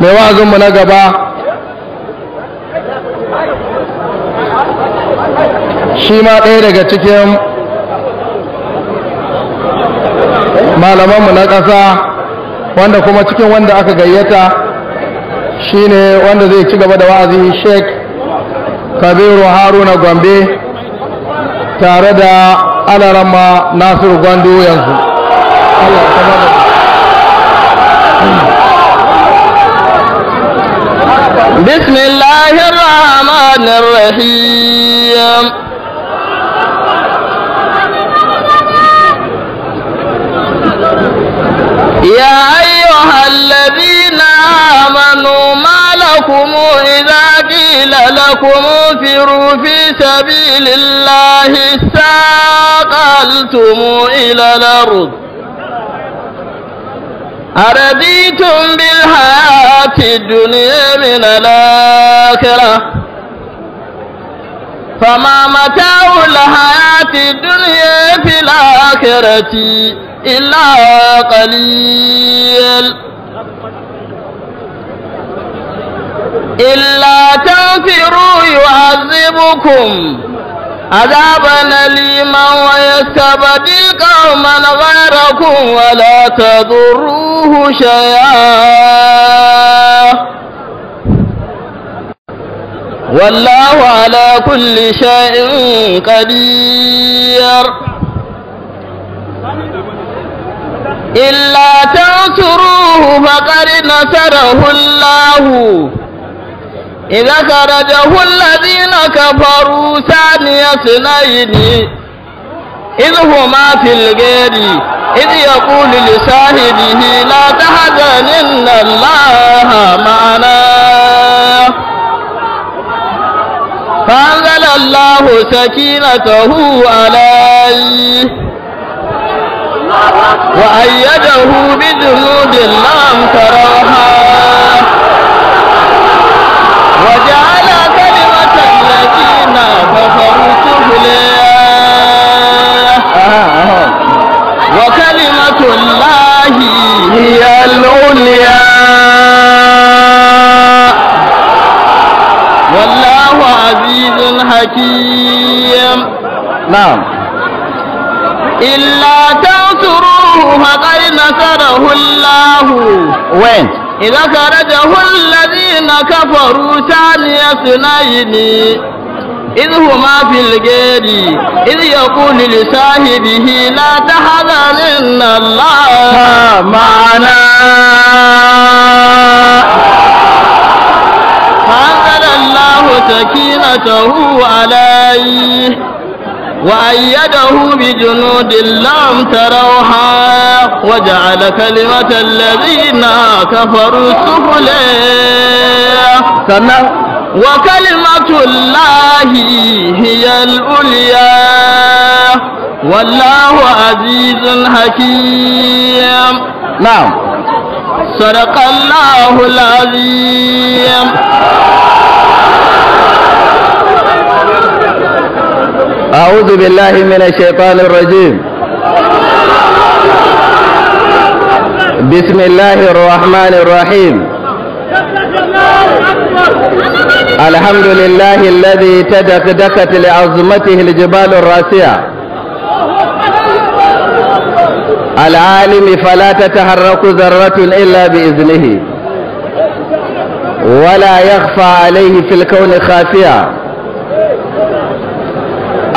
mai wa'azinmu na gaba shi ma ɗaya daga cikin malamanmu na ƙasa wanda kuma cikin wanda aka gayyata shi ne wanda zai ci gaba da wa'azi sheik kabiru haruna gombe tare da alarama nasiru gwandu yanzu Allah بسم الله الرحمن الرحيم يا أيها الذين آمنوا ما لكم إذا قيل لكم انفروا في سبيل الله استاقلتم إلى الأرض أرديتم بالحياة الدنيا من الآخرة فما متاع الحياة الدنيا في الآخرة إلا قليل إلا تنفروا يعذبكم عذابا أليما ويستبدل قوما غيركم ولا تضروه شيئا والله على كل شيء قدير إلا تنصروه فقد نصره الله إذا خرجه الذين كفروا ثاني اثنين إذ هما في الغير إذ يقول لصاحبه لا تحزن إن الله معنا فأنزل الله سكينته عليه وأيده بجنود لم تروها وجعل كلمة الذين كفروا سفلى وكلمة الله هي العليا والله عزيز حكيم نعم إلا تنصروه فقد نصره الله وين إذا خرجه الذين كفروا ثاني اثنين إذ هما في الجير إذ يقول لصاحبه لا تحزن إن الله معنا فأنزل الله سكينته عليه وأيده بجنود لم تروها وجعل كلمة الذين كفروا سفلى وكلمة الله هي العليا والله عزيز حكيم نعم صدق الله العظيم أعوذ بالله من الشيطان الرجيم بسم الله الرحمن الرحيم الحمد لله الذي تدقدقت لعظمته الجبال الراسية العالم فلا تتحرك ذرة إلا بإذنه ولا يخفى عليه في الكون خافيه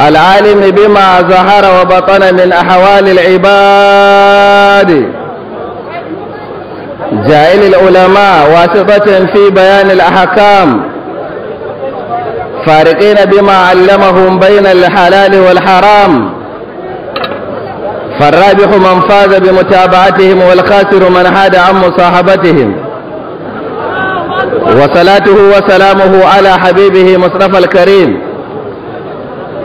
العالم بما ظهر وبطن من أحوال العباد جائل العلماء واسطة في بيان الأحكام فارقين بما علمهم بين الحلال والحرام فالرابح من فاز بمتابعتهم والخاسر من حاد عن مصاحبتهم وصلاته وسلامه على حبيبه مصطفى الكريم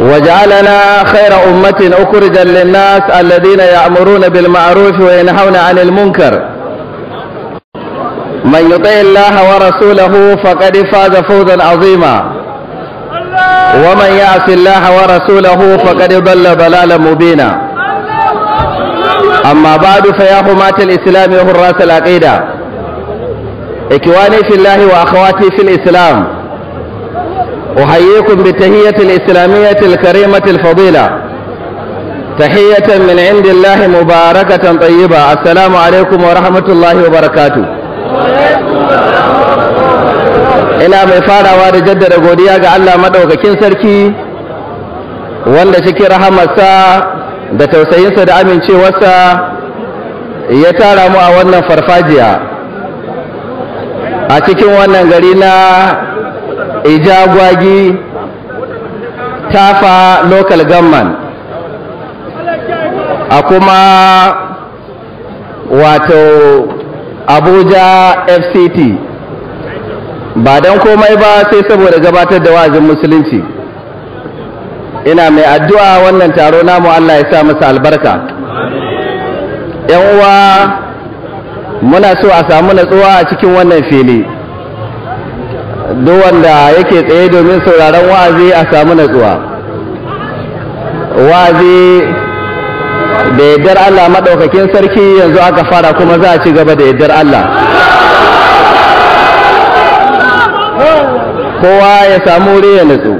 وجعلنا خير أمة أخرجا للناس الذين يأمرون بالمعروف وينهون عن المنكر من يطع الله ورسوله فقد فاز فوزا عظيما ومن يعص الله ورسوله فقد ضل ضلالا مبينا أما بعد فيا حماة الإسلام وحراس العقيدة إخواني في الله وأخواتي في الإسلام أحييكم بالتهية الإسلامية الكريمة الفضيلة تحية من عند الله مباركة طيبة السلام عليكم ورحمة الله وبركاته ina mai farawa da jaddada godiya ga Allah maɗaukakin sarki wanda cikin rahamarsa da tausayinsa da amincewarsa ya tara mu a wannan farfajiya a cikin wannan gari na ijagwagi tafa local government a kuma wato abuja fct ba don komai ba sai saboda gabatar da wa'azin musulunci ina mai addu'a wannan taro namu allah ya sa masa albarka yan uwa muna so a samu natsuwa a cikin wannan fili duk wanda yake tsaye domin sauraron wa'azi a samu natsuwa wa'azi da yadda Allah maɗaukakin sarki yanzu aka fara kuma za a ci gaba da yaddar Allah kowa ya samu wuri ya natsu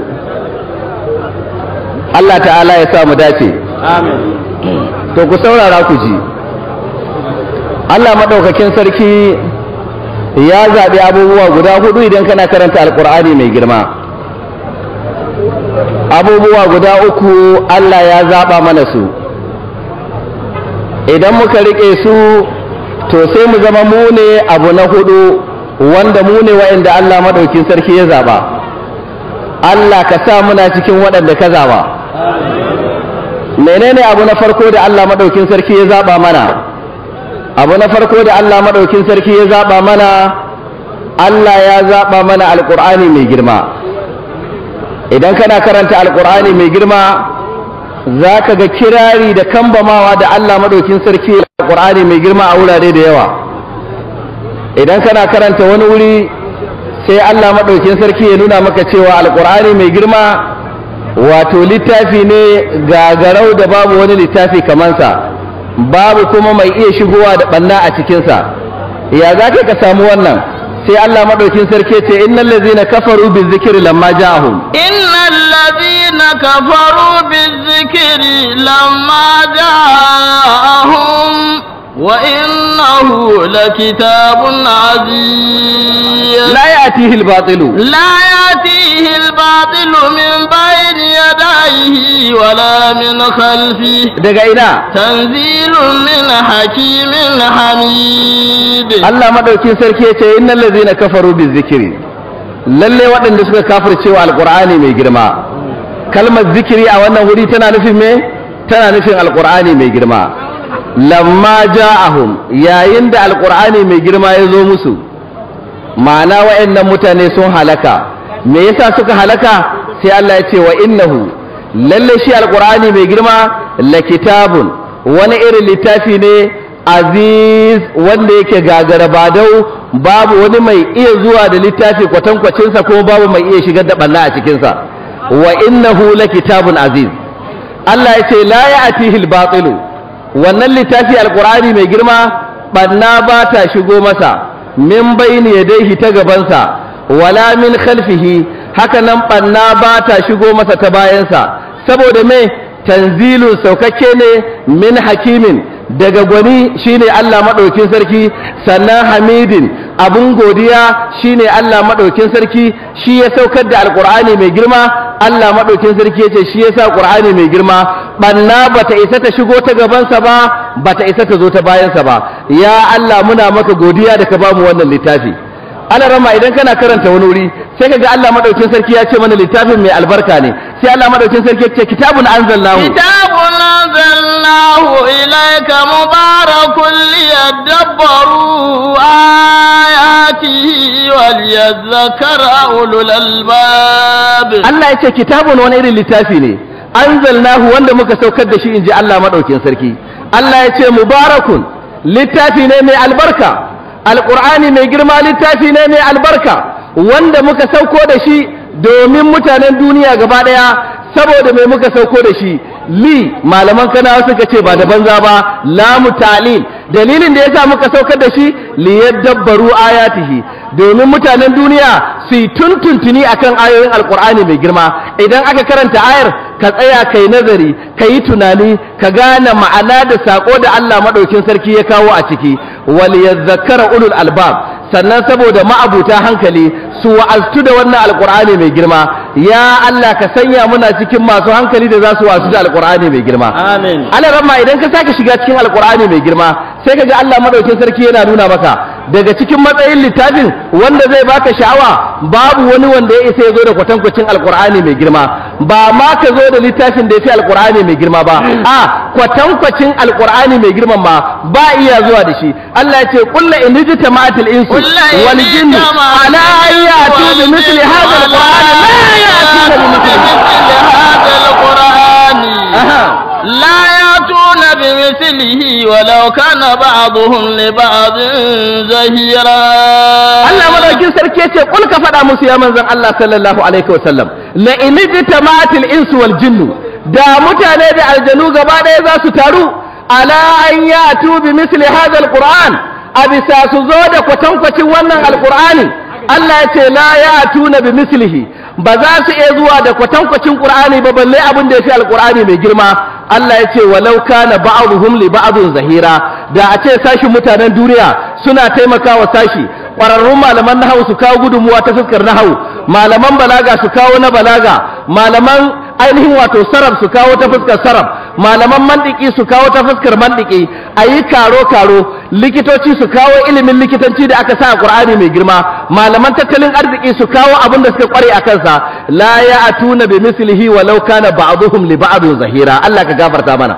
Allah ta'ala ya samu dace to ku saurara ku ji Allah maɗaukakin sarki ya zaɓi abubuwa guda hudu idan kana karanta alkur'ani mai girma abubuwa guda uku Allah ya zaɓa mana su idan muka riƙe su to sai mu zama mu ne abu na hudu wanda mu ne wa'inda Allah maɗaukin sarki ya zaɓa Allah ka sa muna cikin waɗanda ka zaɓa menene abu na farko da Allah maɗaukin sarki ya zaɓa mana abu na farko da Allah maɗaukin sarki ya zaɓa mana Allah ya zaɓa mana alƙur'ani mai girma idan kana karanta alƙur'ani mai girma za ka ga kirari da kambamawa da Allah maɗaukin sarki alƙur'ani mai girma a wurare da yawa idan kana karanta wani wuri sai Allah maɗaukin sarki ya nuna maka cewa alƙur'ani mai girma wato littafi ne gagarau da babu wani littafi kamansa babu kuma mai iya shigowa da ɓanna a cikinsa ya za ka samu wannan sai Allah maɗaukin sarki ce innal ladzina kafaru bizikri lamma kafaru lamma ja'ahum wa إنه لكتاب عزيز لا يأتيه الباطل لا يأتيه الباطل من بين يديه ولا من خلفه دقائنا تنزيل من حكيم حميد الله ما مدوكين سركيتي إن الذين كفروا بالذكر للي waɗanda suka kafircewa alƙur'ani mai girma kalmar zikiri a wannan wuri tana nufin me tana nufin alƙur'ani mai girma lamma ja'ahum yayin da alkur'ani mai girma ya zo musu ma'ana wa'annan mutane sun halaka me yasa suka halaka sai Allah ya ce wa innahu lalle shi alkur'ani mai girma la kitabun wani irin littafi ne aziz wanda yake gagara badau babu wani mai iya zuwa da littafi kwatankwacinsa ko babu mai iya shigar da balla a cikinsa wa innahu la kitabun aziz Allah ya ce la ya'tihi al-batilu wannan littafi alkur'ani mai girma ɓanna ba ta shigo masa min bayni yadayhi ta gabansa wala min khalfihi haka nan ɓanna ba ta shigo masa ta bayansa saboda me tanzilun saukakke ne min hakimin daga gwani shine Allah maɗaukin sarki sannan hamidin abun godiya shine Allah maɗaukin sarki shi ya saukar da Alƙur'ani mai girma Allah maɗaukin sarki ya ce shi ya sa ƙur'ani mai girma banna bata isa ta shigo ta gabansa ba bata isa ta zo ta bayansa ba ya Allah muna maka godiya da ka bamu wannan littafi ana rama idan kana karanta wani wuri sai kaga Allah madaukin sarki ya ce mana littafin mai albarka ne sai Allah madaukin sarki ya ce kitabun anzalallahu kitabun anzalallahu ilayka mubarakun liyadabbaru ayati wal liyadhakkara ulul albab Allah ya ce kitabun wani irin littafi ne anzalallahu wanda muka saukar da shi inji Allah madaukin sarki Allah ya ce mubarakun littafi ne mai albarka alƙur'ani mai girma littafi ne mai albarka wanda muka sauko da shi domin mutanen duniya gaba ɗaya saboda mai muka sauko da shi li malaman kana suka ce ba da banza ba lamu talil dalilin da yasa muka saukar da shi li yadabbaru ayatihi domin mutanen duniya su yi tuntuntuni akan ayoyin alƙur'ani mai girma idan aka karanta ayar ka tsaya kai nazari ka yi tunani ka gane ma'ana da sako da Allah maɗaukin sarki ya kawo a ciki wal yadhakkara ulul albab sannan saboda ma'abuta hankali su wa'aztu da wannan alqur'ani mai girma ya Allah ka sanya muna cikin masu hankali da za su wa'aztu da alqur'ani mai girma amin Allah ramma idan ka sake shiga cikin alqur'ani mai girma sai ka ga Allah madaukin sarki yana nuna maka daga cikin matsayin littafin wanda zai baka sha'awa babu wani wanda ya isa ya zo da kwatankwacin alkur'ani mai girma ba ma ka zo da littafin da ya fi alkur'ani mai girma ba a kwatankwacin alkur'ani mai girma ma ba iya zuwa da shi Allah ya ce kullu in hijta ma'atil insu wal jinni ala ayatu bi mithli hadha alqur'an la ya'tuna bi hadha la مثله ولو كان بعضهم لبعض زهيرا الله ملوكين سركي musu ya manzon Allah sallallahu alaihi wasallam la in jama'atil insu wal da mutane da aljanu gaba ɗaya za su taru ala an yatu bi misli hadha alquran a bisa su zo da kwatankwacin wannan alqur'anin Allah ya ce la yatuna bi mislihi ba za su iya zuwa da kwatankwacin qur'ani ba balle abin da ya fi alqur'ani mai girma Allah ya ce walau kana ba'dhum li ba'adun zahira da a ce sashin mutanen duniya suna taimakawa sashi ƙwararrun malaman nahawu su kawo gudunmuwa ta fuskar nahawu malaman balaga su kawo na balaga malaman ainihin wato sarab su kawo ta fuskar sarab malaman mandiki su kawo ta fuskar mandiki a yi karo-karo likitoci su kawo ilimin likitanci da aka sa a ƙur'ani mai girma malaman tattalin arziki su kawo abin da suka ƙware a kansa la ya wa bi mislihi ba kana ba'dhum li ba'dhin zahira Allah ka gafarta mana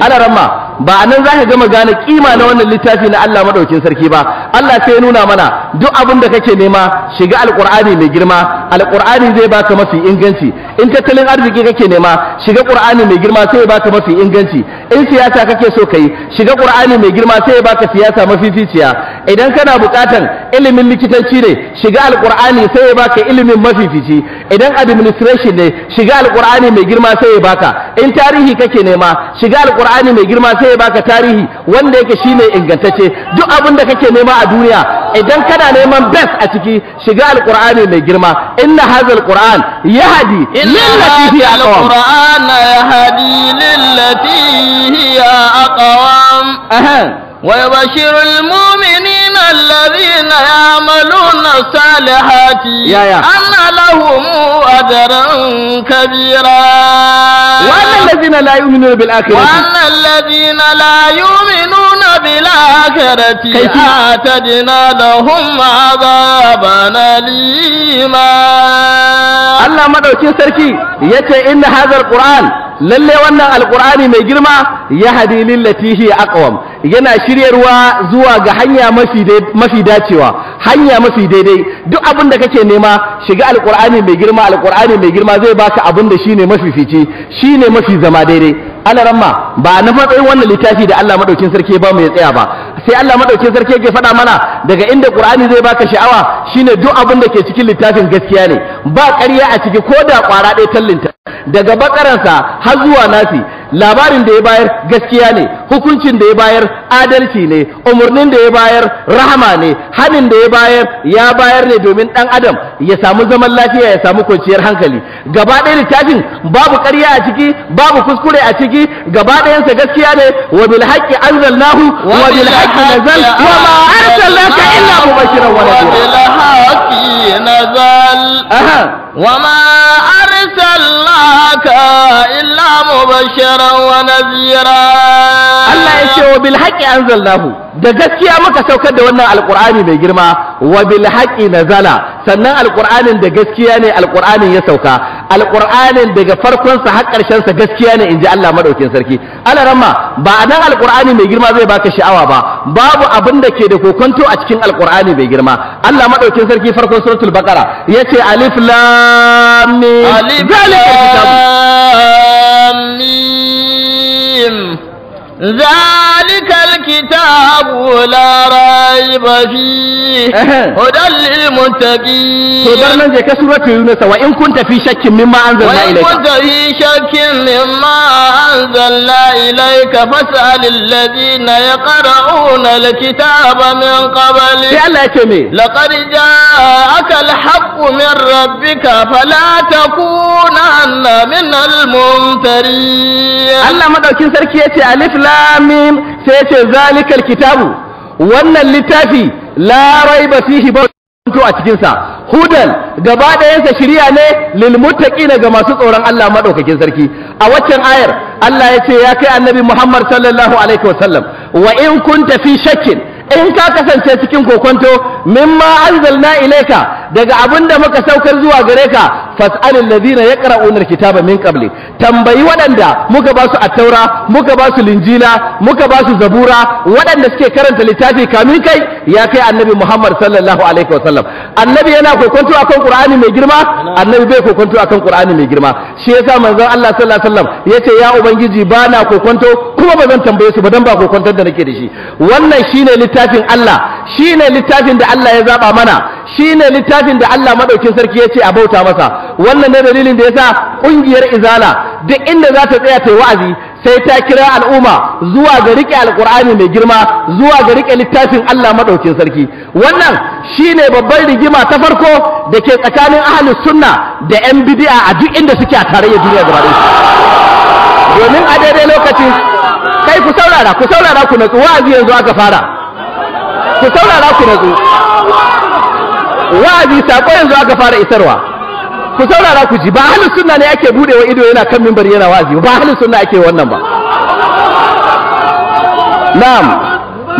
ana ramma ba anan zaka gama gane kima na wannan littafi na Allah madaukin sarki ba Allah sai ya nuna mana duk abin da kake nema shiga alqur'ani mai girma alqur'ani zai baka mafi inganci in tattalin arziki kake nema shiga qur'ani mai girma sai ya baka mafi inganci in siyasa kake so kai shiga qur'ani mai girma sai ya baka siyasa mafificiya idan kana bukatan ilimin likitanci ne shiga alqur'ani sai ya baka ilimin mafi fici idan administration ne shiga alqur'ani mai girma sai ya baka in tarihi kake nema shiga alqur'ani mai girma sai ya baka tarihi wanda yake shine ingantacce duk abin da kake nema a duniya idan kana neman best a ciki shiga alqur'ani mai girma inna hazal qur'an yahdi lillati hiya aqwam inna yahdi lillati hiya aqwam ويبشر المؤمنين الذين يعملون الصالحات أن لهم أجرا كبيرا wannan na layu minu na bil'akirati wannan layu a ta dina da hunma ba ba, na lima. Allah madaukin sarki ya ce inna hazar alquran lalle wannan alkur'ani mai girma ya hadi lillati hiya aqwam yana shiryarwa zuwa ga hanya mafi dacewa hanya mafi daidai duk abin da kake nema shiga Alƙur'ani mai girma Alƙur'ani mai girma zai baka abin da shine fice shi shine mafi zama daidai alaramma ba na matsayin wannan littafi da Allah madaukin sarki ba mu ya tsaya ba sai Allah madaukin sarki yake faɗa mana daga inda Qur'ani zai baka sha'awa shine duk abin da ke cikin littafin gaskiya ne ba ƙarya a ciki ko da ƙwara ɗaya tallinta daga bakaransa har zuwa nasi labarin da ya bayar gaskiya ne hukuncin da ya bayar adalci ne umarnin da ya bayar rahama ne haɗin da ya bayar ya bayar ne domin ɗan adam ya samu zaman lafiya ya samu kwanciyar hankali gaba ɗaya littafin babu ƙarya a ciki babu kuskure a ciki gaba ɗayansa gaskiya ne wa bil haqqi anzalnahu wa bil haqqi nazal wa ma arsalnaka illa mubashiran wa nadhira wa ma arsalnaka illa mubashiran wa nadhira Allah ya ce wa bil anzalnahu da gaskiya muka saukar da wannan alkur'ani mai girma wa bil na nazala sannan alkur'anin da gaskiya ne alkur'anin ya sauka alƙur'anin daga farkonsa har ƙarshensa gaskiya ne in ji Allah maɗaukin sarki alarama ba a nan alƙur'ani mai girma zai baka sha'awa ba babu abin da ke da kokonto a cikin alƙur'ani mai girma Allah maɗaukin sarki farkon suratul baqara yace alif lam mim zalika الكتاب لا ريب فيه هدى للمتقين سودرنا جاك سورة يونس وإن كنت في شك مما أنزلنا إليك وإن كنت في شك مما أنزلنا إليك فاسأل الذين يقرؤون الكتاب من قبل لقد جاءك الحق من ربك فلا تكونن من الممترين Allah madaukin sarki yace alif lam mim sai yace zalikal kitabu wannan littafi la raiba fihi ba a cikinsa sa hudan gaba ɗayansa shirya ne lilmutaƙi muttaqina ga masu tsoron Allah madaukakin sarki a waccan ayar Allah ya ce ya kai annabi Muhammad sallallahu alaihi wasallam wa shakkin in ka kasance cikin kokonto mimma anzalna ilayka daga abin da muka saukar zuwa gare ka fas'alil ladina yaqra'una alkitaba min qabli tambayi waɗanda muka ba su attaura muka ba su linjila muka ba su zabura waɗanda suke karanta littafi kamin kai ya kai annabi Muhammad sallallahu alaihi wasallam annabi yana kokonto akan qur'ani mai girma annabi bai kokonto akan qur'ani mai girma shi yasa manzon Allah sallallahu alaihi wasallam yace ya ubangiji bana kokonto kuma bazan tambaye su ba dan ba kokontar da nake da shi wannan shine littafi littafin Allah shine littafin da Allah ya zaɓa mana shine littafin da Allah madaukin sarki ya ce a bauta masa wannan ne dalilin da ya sa ƙungiyar izala duk inda za ta tsaya ta yi wa'azi sai ta kira al'umma zuwa ga rike alkur'ani mai girma zuwa ga rike littafin Allah madaukin sarki wannan shine babbar rigima ta farko da ke tsakanin ahlus sunna da yan bid'a a duk inda suke a tarayyar duniya gaba domin a daidai lokaci kai ku saurara ku saurara ku natsu wa'azi yanzu aka fara ku saurara ku nazo wa'azi sako yanzu aka fara isarwa ku saurara ku ji ba halin sunna ne ake budewa ido yana kan mimbar yana wa'azi ba halin sunna ake wannan ba na'am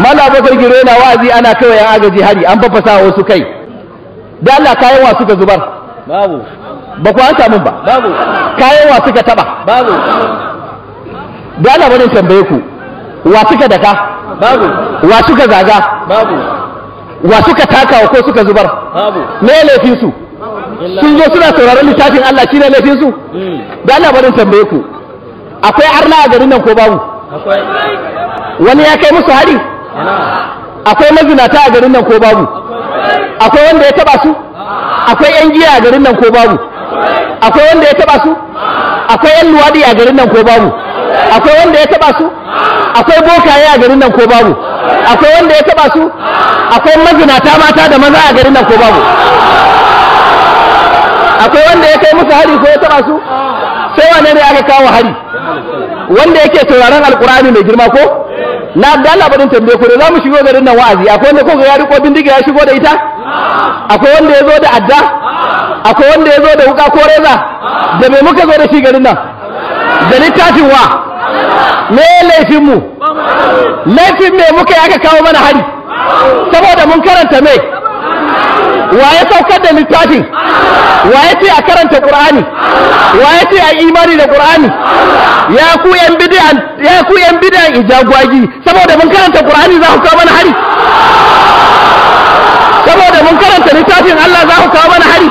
mala bakar giro yana wa'azi ana kawai yan agaji hari an fafasa wasu kai da Allah kayan wa suka zubar babu ba ku hanta min ba babu kayan wa suka taba babu da Allah bane tambaye ku wa suka daka babu wa suka gaga? babu wa suka takawa ko suka zubar babu me laifin su sun zo suna sauraron littafin Allah shi ne laifin su hmm. da Allah barin tambaye ku akwai arna a garin nan ko babu Akwai. wani ya kai musu hari akwai mazinata a garin nan ko babu akwai wanda ya taba su akwai yan giya a garin nan ko babu akwai wanda ya taba su akwai yan luwadi a garin nan ko babu akwai wanda ya taba su akwai bokaye a garin nan ko babu akwai wanda ya taba su akwai mazinata mata da maza a garin nan ko babu akwai wanda ya kai musu hari ko ya taba su sai wane ne aka kawo hari wanda yake sauraron alkurani mai girma ko na Allah labarin tambaye ko da za mu shigo garin nan wa'azi akwai wanda ko yari ko bindiga ya shigo da ita akwai wanda ya zo da adda akwai wanda ya zo da wuka ko reza da me muka zo da shi garin nan da littafin wa me laifin mu laifin me muka yi aka kawo mana hari saboda mun karanta me wa ya saukar da littafin wa ya ce a karanta ƙur'ani wa ya ce a imani da ƙur'ani ya ku yan bidiyan ya ku yan ijagwagi saboda mun karanta ƙur'ani za ku kawo mana hari saboda mun karanta littafin Allah za ku kawo mana hari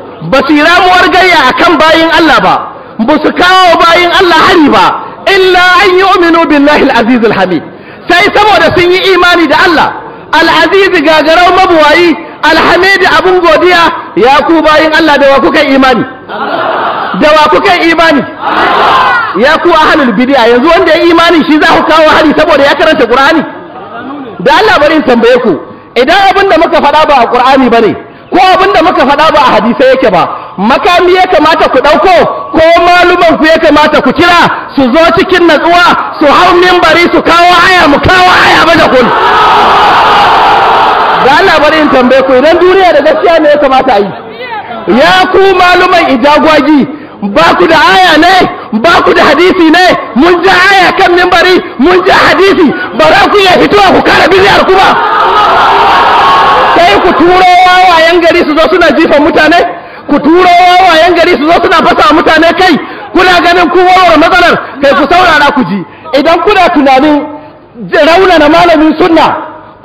ba su yi ramuwar gayya a kan bayin Allah ba ba su kawo bayin Allah hari ba illa an yi uminu billahi al-aziz hamid sai saboda sun yi imani da Allah al gagarau mabuwayi al-hamid abun godiya ya ku bayin Allah da wa kuka imani da wa kuka imani ya ku ahlul bid'a yanzu wanda ya imani shi za ku kawo hari saboda ya karanta qur'ani da Allah bari in tambaye ku idan abin da muka faɗa ba a ƙur'ani ba ne. ko abin da muka faɗa ba a hadisai yake ba makami ya kamata ku ɗauko ko maluman ku ya kamata ku kira su zo cikin natsuwa su hau mimbari su kawo aya mu kawo aya ba da kun ga Allah bari in tambaye ku idan duniya da gaskiya ne ya kamata a yi ya ku maluman ijagwagi ba ku da aya ne ba ku da hadisi ne mun ji aya kan mimbari mun ji hadisi ba za ku iya fitowa ku kara biliyar ku ba wai ku turo wawayen gari su zo suna jifan mutane ku turo wawayen gari su zo suna fasa mutane kai kuna ganin ku warware matsalar kai ku saurara ku ji idan kuna tunanin raunana malamin sunna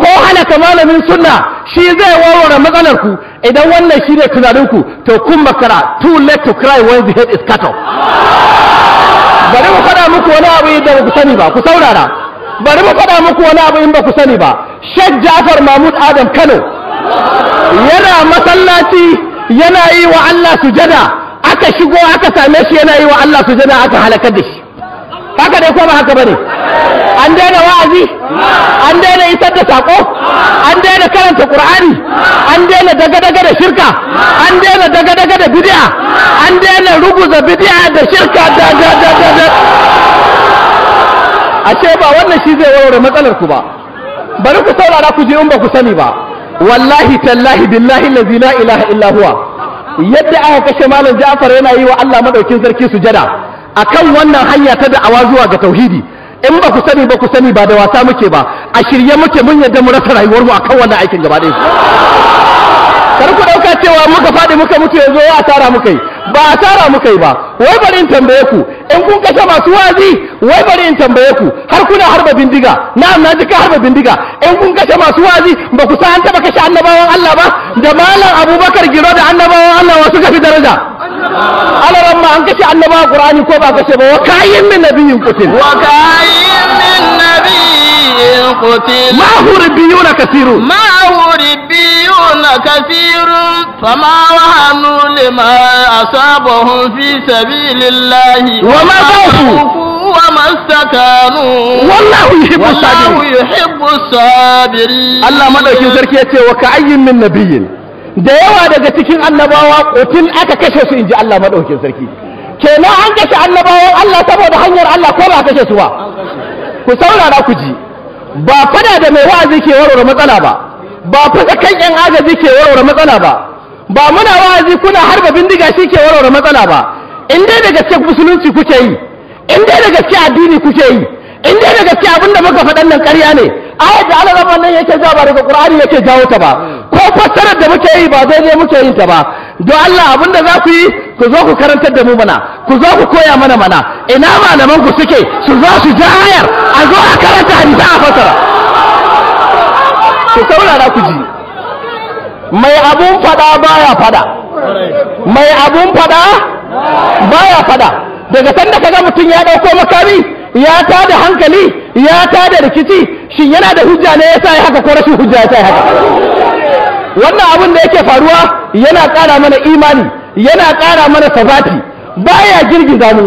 ko halaka malamin sunna shi zai warware matsalar ku idan wannan shi ne tunanin ku to kun makara too late to cry when the head is cut off bari mu faɗa muku wani abu da ba ku sani ba ku saurara bari mu faɗa muku wani abu in ba ku sani ba Sheikh Jafar Mahmud Adam Kano yana masallaci yana yi wa Allah sujada aka shigo aka same shi yana yi wa Allah sujada aka halakar da shi haka dai ko ba haka bane an daina wa'azi an daina isar da sako an daina karanta qur'ani an daina daga-daga da shirka an daina daga-daga da bid'a an daina ruguza bid'a da shirka da da da da ashe ba wannan shi zai warware matsalar ku ba bari ku saurara ku je in ba ku sani ba wallahi tallahi billahi allazi zina ilaha illa huwa yadda aka kashe malam Ja'far yana yi wa Allah madaukin sarki sujada akan wannan hanya ta da'awa zuwa ga tauhidi in ba ku sani ba ku sani ba da wasa muke ba a shirye muke mun yadda mu rasa rayuwar mu akan wannan aikin gaba ɗaya kar ku dauka cewa muka faɗi muka mutu yanzu a tara muka yi ba a tara muka yi ba wai bari in tambaye ku in kun kashe masu wazi wai bari in tambaye ku har kuna harba bindiga na na ji ka harba bindiga in kun kashe masu wazi ba ku san an taba kashe annabawan Allah ba da malam Abubakar Giro da annabawan Allah wasu kafi daraja Allah ma an kashe annabawa Qur'ani ko ba kashe ba wa kayyin min nabiyyin qutil wa kayyin min nabiyyin qutil ma hurbiyuna kasirun ma hurbiyuna يستهزئون كثير فما وهنوا لما أصابهم في سبيل الله وما وما استكانوا والله يحب الصابرين والله يحب الصابرين الله وكأي من نبي da yawa daga cikin annabawa kotin aka kashe su inji Allah madaukakin sarki kenan an kashe annabawan Allah saboda hanyar Allah ko ba kashe su ba ku saurara ku ji ba fada da mai wa'azi ke warware matsala ba ba kan yan agaji ke warware matsala ba ba muna wa'azi kuna harba bindiga shi ke warware matsala ba in dai da gaske musulunci kuke yi in dai da gaske addini kuke yi in dai da gaske abin da muka faɗan nan ƙarya ne ayat da Allah rabban nan yake jawo ba daga Qur'ani yake jawo ta ba ko fassarar da muke yi ba daidai muke yin ta ba don Allah abin da za ku yi ku zo ku karantar da mu mana ku zo ku koya mana mana ina malaman ku suke su zo su ja ayar a zo a karanta hadisi a fassara ku saurara ku ji mai abun fada baya fada mai abun fada baya fada daga san da kaga mutum ya dauko makami ya ta da hankali ya ta da rikici shin yana da hujja ne yasa ya haka ko rashin hujja yasa ya haka wannan abun da yake faruwa yana ƙara mana imani yana kara mana sabati baya girgiza mu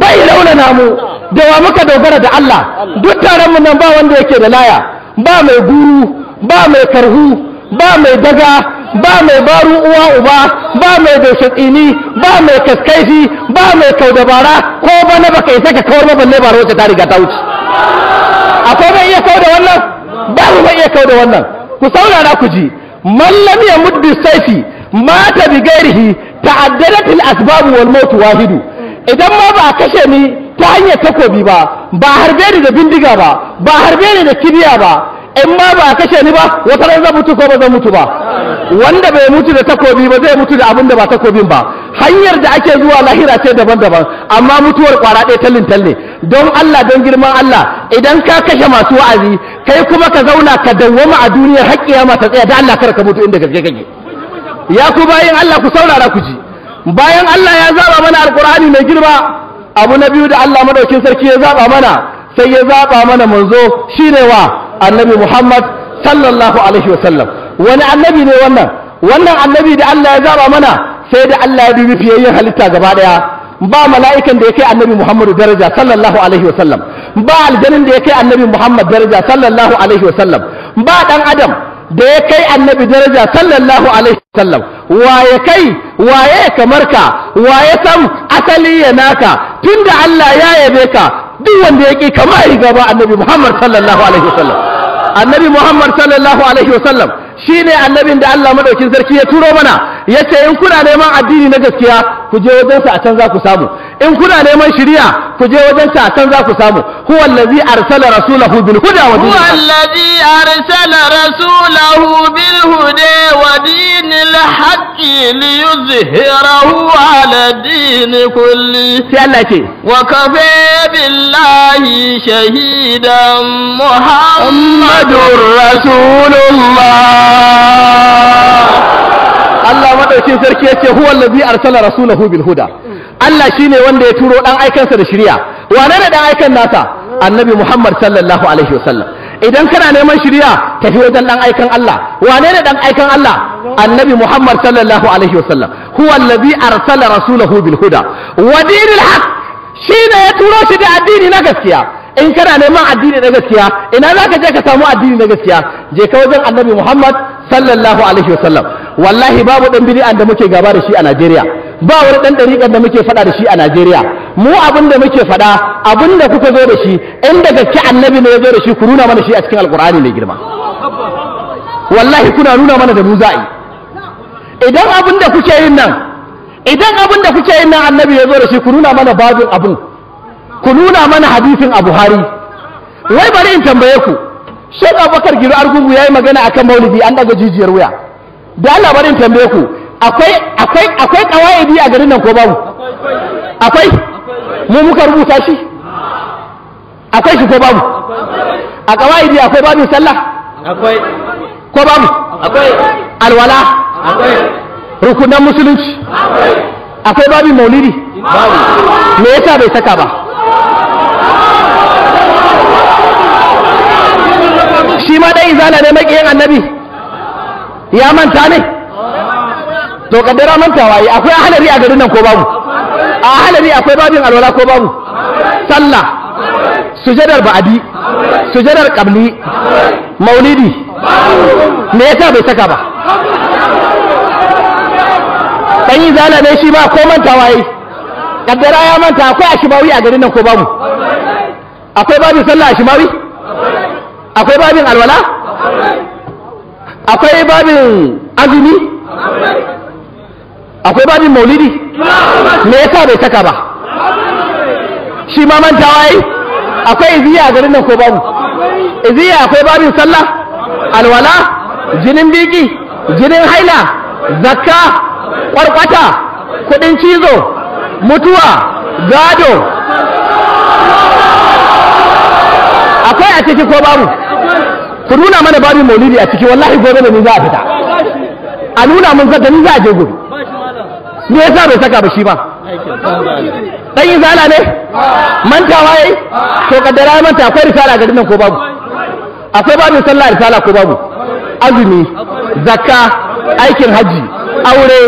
bai launana mu da wa muka dogara da Allah duk taron mu nan ba wanda yake da laya ba mai guru ba mai karhu ba mai daga ba mai baru uwa uba ba mai da tsini ba mai kaskaifi ba mai kau dabara ko ba na baka isa ka kawar ne ba wacce ta riga ta wuce akwai mai iya kau da wannan babu mai iya kau da wannan ku saurara ku ji mallam ya muddu saifi mata bi gairihi ta'addadat al asbab wal maut wahidu idan ma ba kashe ni ta hanyar takobi ba ba harbe ni da bindiga ba ba harbe ni da kibiya ba in ma ba a kashe ni ba wata ran zan mutu ko ba zan mutu ba wanda bai mutu da takobi ba zai mutu da abin da ba takobin ba hanyar da ake zuwa lahira ce daban-daban amma mutuwar kwara ɗaya tallin talle don Allah don girman Allah idan ka kashe masu wa'azi kai kuma ka zauna ka dawwama a duniyar haƙƙiya ma ta tsaya da Allah kar ka mutu inda gaske kake ya ku bayan Allah ku saurara ku ji bayan Allah ya zaba mana alkur'ani mai girma abu na biyu da Allah madaukin sarki ya zaba mana sai ya zaba mana manzo shine wa annabi Muhammad sallallahu alaihi wasallam wani annabi ne wannan wannan annabi da Allah ya zaba mana sai da Allah ya dubi fiyayyen halitta gaba daya ba mala'ikan da ya kai annabi Muhammadu daraja sallallahu alaihi wasallam ba aljanin da ya kai annabi Muhammad daraja sallallahu alaihi wasallam ba dan adam da ya kai annabi daraja sallallahu alaihi wasallam waye kai waye kamar ka waye san asali ya naka tunda Allah ya yabe ka duk wanda ya ƙi kama riga gaba annabi Muhammad sallallahu alaihi wasallam annabi Muhammad sallallahu alaihi wasallam shine annabin da Allah madaukin sarki ya turo mana yace in kuna neman addini na gaskiya ku je wajen sa a can za ku samu in kuna neman shari'a ku je wajen sa a can za ku samu huwa allazi arsala rasulahu bil huda wa dinil huwa allazi arsala rasulahu bil huda wa dinil haqqi li yuzhirahu ala din kulli sai Allah ce wa kafa billahi shahidan muhammadur rasulullah Allah madaukin sarki yace huwa allazi arsala rasulahu bil huda Allah shine wanda ya turo dan aikansa da shiriya. wane ne dan aikan nasa annabi Muhammad sallallahu alaihi wasallam idan kana neman shiriya, tafi wajen dan aikan Allah wane ne dan aikan Allah annabi Muhammad sallallahu alaihi wasallam huwa allazi arsala rasulahu bil huda wa dinil haq shine ya turo shi da addini na gaskiya in kana neman addini na gaskiya ina za ka je ka samu addini na gaskiya je ka wajen annabi muhammad sallallahu alaihi wasallam wallahi babu dan bid'an da muke gaba da shi a najeriya ba wani dan dariƙar da muke faɗa da shi a najeriya mu abin da muke faɗa abin da kuka zo da shi in da gaske annabi ne ya zo da shi ku nuna mana shi a cikin alkur'ani mai girma wallahi kuna nuna mana da muza'i. idan abin da kuke yin nan idan abin da kuke yin nan annabi ya zo da shi ku nuna mana babin abin ku nuna mana hadisin a buhari wai bari in tambaye ku shek abubakar giro argungu ya yi magana a kan maulidi an daga jijiyar wuya da allah bari in tambaye ku akwai kawai biyu a garin nan ko babu akwai mu muka rubuta shi akwai shi ko babu a biyu akwai babu sallah akwai ko babu akwai alwala akwai rukunan musulunci akwai babu maulidi babu me yasa bai saka ba shi ma dai izala ne makiyin annabi ya manta ne to kaddara mantawa yi akwai ahalari a garin nan ko babu a ahalari akwai babin alwala ko babu sallah sujadar ba'adi sujadar qabli maulidi me yasa bai saka ba dan izala ne shi ba ko mantawa yi kaddara ya manta akwai ashimawi a garin nan ko babu akwai babin sallah ashimawi akwai babin alwala akwai babin azumi akwai babin maulidi me yasa bai saka ba shi ma manta yi akwai iziya a garin nan ko babu iziya akwai babin sallah alwala jinin biki jinin haila zakka kwarkwata kudin cizo mutuwa gado akwai a ciki ko babu ku nuna mana babu maulidi a ciki wallahi gobe da ni za a fita a nuna mun zata ni za a je gobe ya sa bai saka ba shi ba dan zala ne mantawa yi to kaddara ya manta akwai risala ga nan ko babu akwai babu sallah risala ko babu azumi zakka aikin haji aure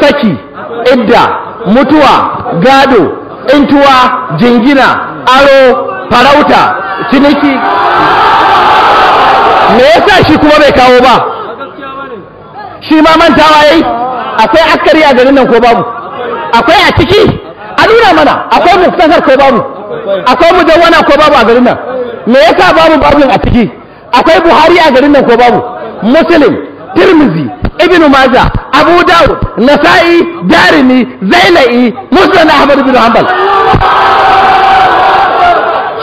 saki idda mutuwa gado intuwa jingina aro farauta ciniki me yasa shi kuma bai kawo ba shi ma mantawa yayi akwai askari a garin nan ko babu akwai a ciki a nuna mana akwai muktasar ko babu akwai mujawwana ko babu a garin nan me yasa babu babu a ciki akwai buhari a garin nan ko babu muslim tirmizi ibn ماجه ابو داود نسائي دارمي zainai مسلم احمد bin حنبل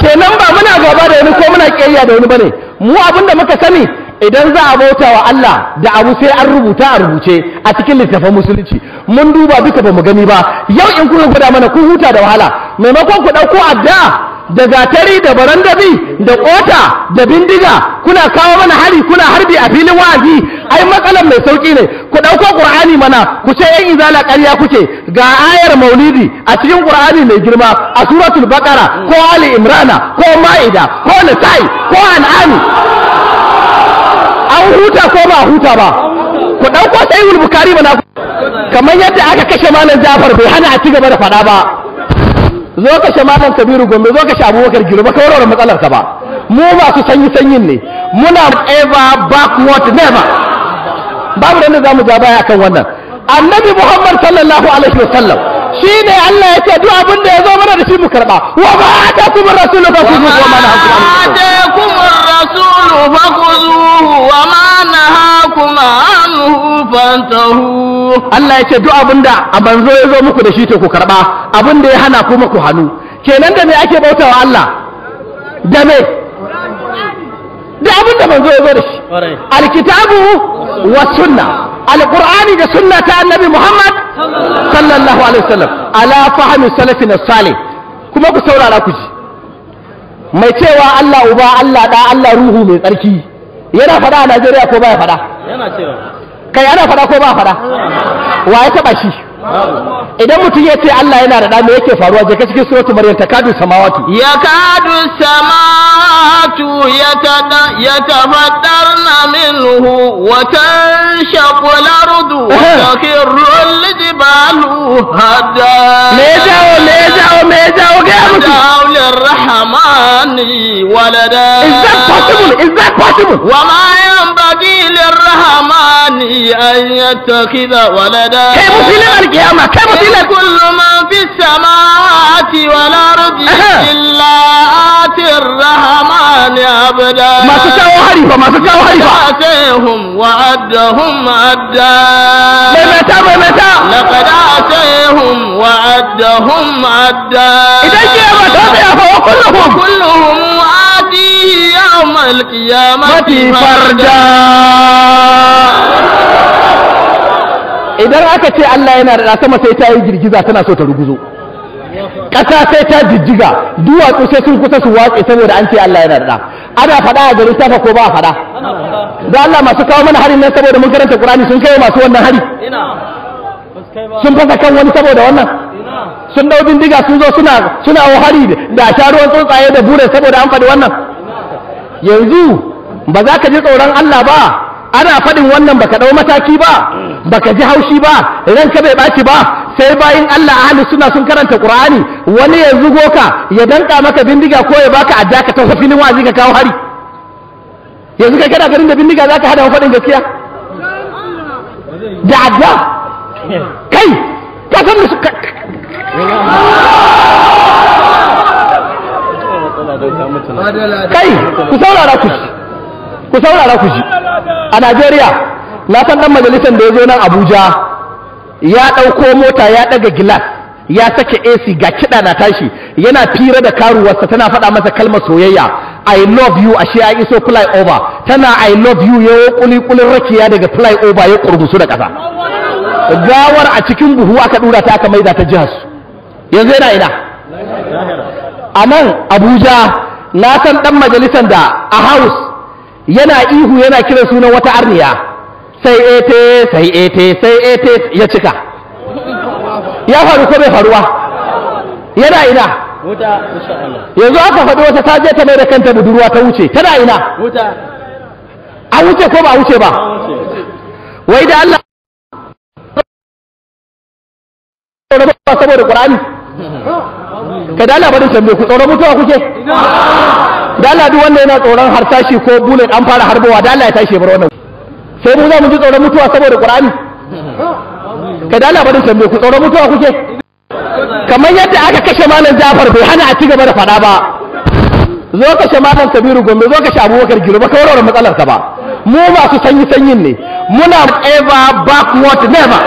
kenan ba muna gaba da wani ko muna kiyayya da wani bane mu abinda muka sani idan za a bauta wa Allah da abu sai an rubuta a rubuce a cikin littafin musulunci mun duba duka ba mu gani ba yau in kuka gwada mana ku huta da wahala maimakon ku ɗauko addu'a da gatari da barandabi da kota da bindiga kuna kawo mana hari kuna harbi a filin wa'azi ai matsalar mai sauki ne ku ɗauko Al-ƙur'ani mana ku ce yan izala ƙarya kuke ga ayar maulidi a cikin Al-ƙur'ani mai girma a suratul baqara ko ali imrana ko maida ko nisa'i ko an'ami an huta ko ba huta ba ku ɗauko sai bukari mana kamar yadda aka kashe malam jafar bai hana a ci gaba da faɗa ba zo ka sha malam kabiru gombe zo ka sha abubakar giro ba ka warware matsalar ka ba mu masu sanyi sanyin ne muna ever backward never babu da za mu ja baya akan wannan annabi muhammad sallallahu alaihi wasallam shi ne Allah ya ce duk abin da ya zo mana da shi mu karba wa ba ta kuma rasulu ba ku zuwa mana hakuri rasulu ba ku zuwa wa ma nahakum anhu fantahu Allah ya ce duk da a banzo ya zo muku da shi to ku karba abin da ya hana ku ku hannu kenan da me ake bautawa Allah da me da abin da banzo ya zo da shi alkitabu wa sunna alqur'ani da sunna ta annabi Muhammad sallallahu alaihi wasallam ala fahmi salafin salih kuma ku saurara ku ji mai cewa Allah uba Allah da Allah ruhu mai tsarki yana fada a Najeriya ko baya fada yana cewa kai ana fada ko ba fada wa ya taba shi idan mutum ya ce Allah yana da ɗa me yake faruwa je ka cikin suratul maryam takadu samawatu Ya samawatu yatada yatafattarna minhu wa tanshaqu al-ardu wa takirru al-jibalu hada me jawo me jawo me jawo ga mutum daul ar-rahmani walada is that possible is that possible wa ma ينبغي للرحمن أن يتخذ ولدا كل من في السماوات والأرض إلا آتي الرحمن أبدا ما تكاو حريفا ما تكاو حريفا آتيهم وعدهم عدا لقد آتيهم وعدهم عدا إذا جاء ما تبع فوكلهم كلهم يوم القيامة فردا idan aka ce Allah yana da sama sai ta yi girgiza tana so ta ruguzo ƙasa sai ta jijjiga duwatsu sai sun kusa su watse saboda an ce Allah yana da ana faɗa a garin safa ko ba a faɗa da Allah masu kawo mana harin nan saboda mun karanta Qur'ani sun kai masu wannan hari sun fasa kan wani saboda wannan sun dau bindiga sun zo suna suna hari da sharuwan tsuntsaye da bure saboda an faɗi wannan yanzu ba za ka ji tsoron Allah ba ana faɗin wannan baka ɗau mataki ba baka ji haushi ba ka bai ɓaci ba sai bayan Allah ahli suna sun karanta Qur'ani wani yanzu goka ya danka maka bindiga ko ya baka adda ka filin wazi ka kawo hari yanzu kai kana garin da bindiga zaka hada faɗin gaskiya da adda kai ka san kai ku saurara ku ji ku saurara ku ji a Najeriya na san dan majalisar da ya zo nan Abuja ya ɗauko mota ya ɗaga gilas ya sake AC ga kiɗa na tashi yana fira da karuwarsa tana faɗa masa kalmar soyayya I love you ashe ya iso fly over tana I love you ya kuli kuli rakiya daga fly over ya kurgusu da ƙasa gawar a cikin buhu aka ɗura ta aka maida ta jihar yanzu yana ina a nan abuja na san ɗan majalisar da a house yana ihu yana kiran sunan wata arniya sai ete sai ete sai ete ya cika ya faru ko bai faruwa yana ina yanzu aka faɗi wata ta je ta mai da kanta budurwa ta wuce tana ina a wuce ko ba a wuce ba wai da Allah saboda Qur'ani ka da Allah bari tambaye ku tsoron mutuwa kuke da Allah duk wanda yana tsoron harsashi ko bullet an fara harbawa da Allah ya tashi bar wannan sai mu za mu ji tsoron mutuwa saboda Qur'ani ka da Allah bari tambaye ku tsoron mutuwa kuke kamar yadda aka kashe malam Jafar bai hana a ci gaba da fada ba zo kashe malam Kabiru Gombe zo kashe Abubakar Giro ba kawar matsalar ka ba mu masu sanyi sanyin ne muna ever backward never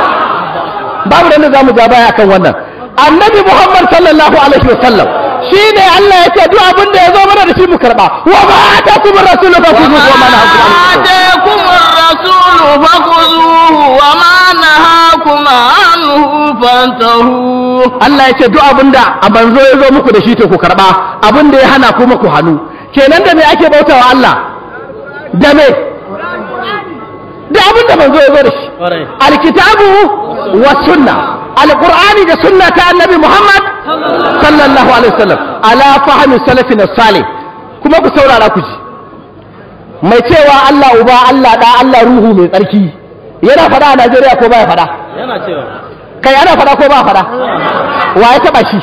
babu da za mu ja baya akan wannan annabi muhammad sallallahu alaihi wasallam shi ne allah ya ce duk abin da ya zo mana da shi mu karba wa ba ta kuma rasulu fa kuzu wa ma ta kuma rasulu kuzu wa ma anhu fantahu allah ya ce duk abin da a banzo ya zo muku da shi to ku karɓa, abin da ya hana ku hannu kenan da me ake bautawa allah da me da abin da banzo ya zo da shi alkitabu wa sunna alqur'ani da sunna ta annabi muhammad sallallahu alaihi wasallam ala fahmi salafin salih kuma ku saurara ku ji mai cewa Allah uba Allah da Allah ruhu mai tsarki yana faɗa a Najeriya ko baya fada yana kai ana faɗa ko ba faɗa wa ya taɓa shi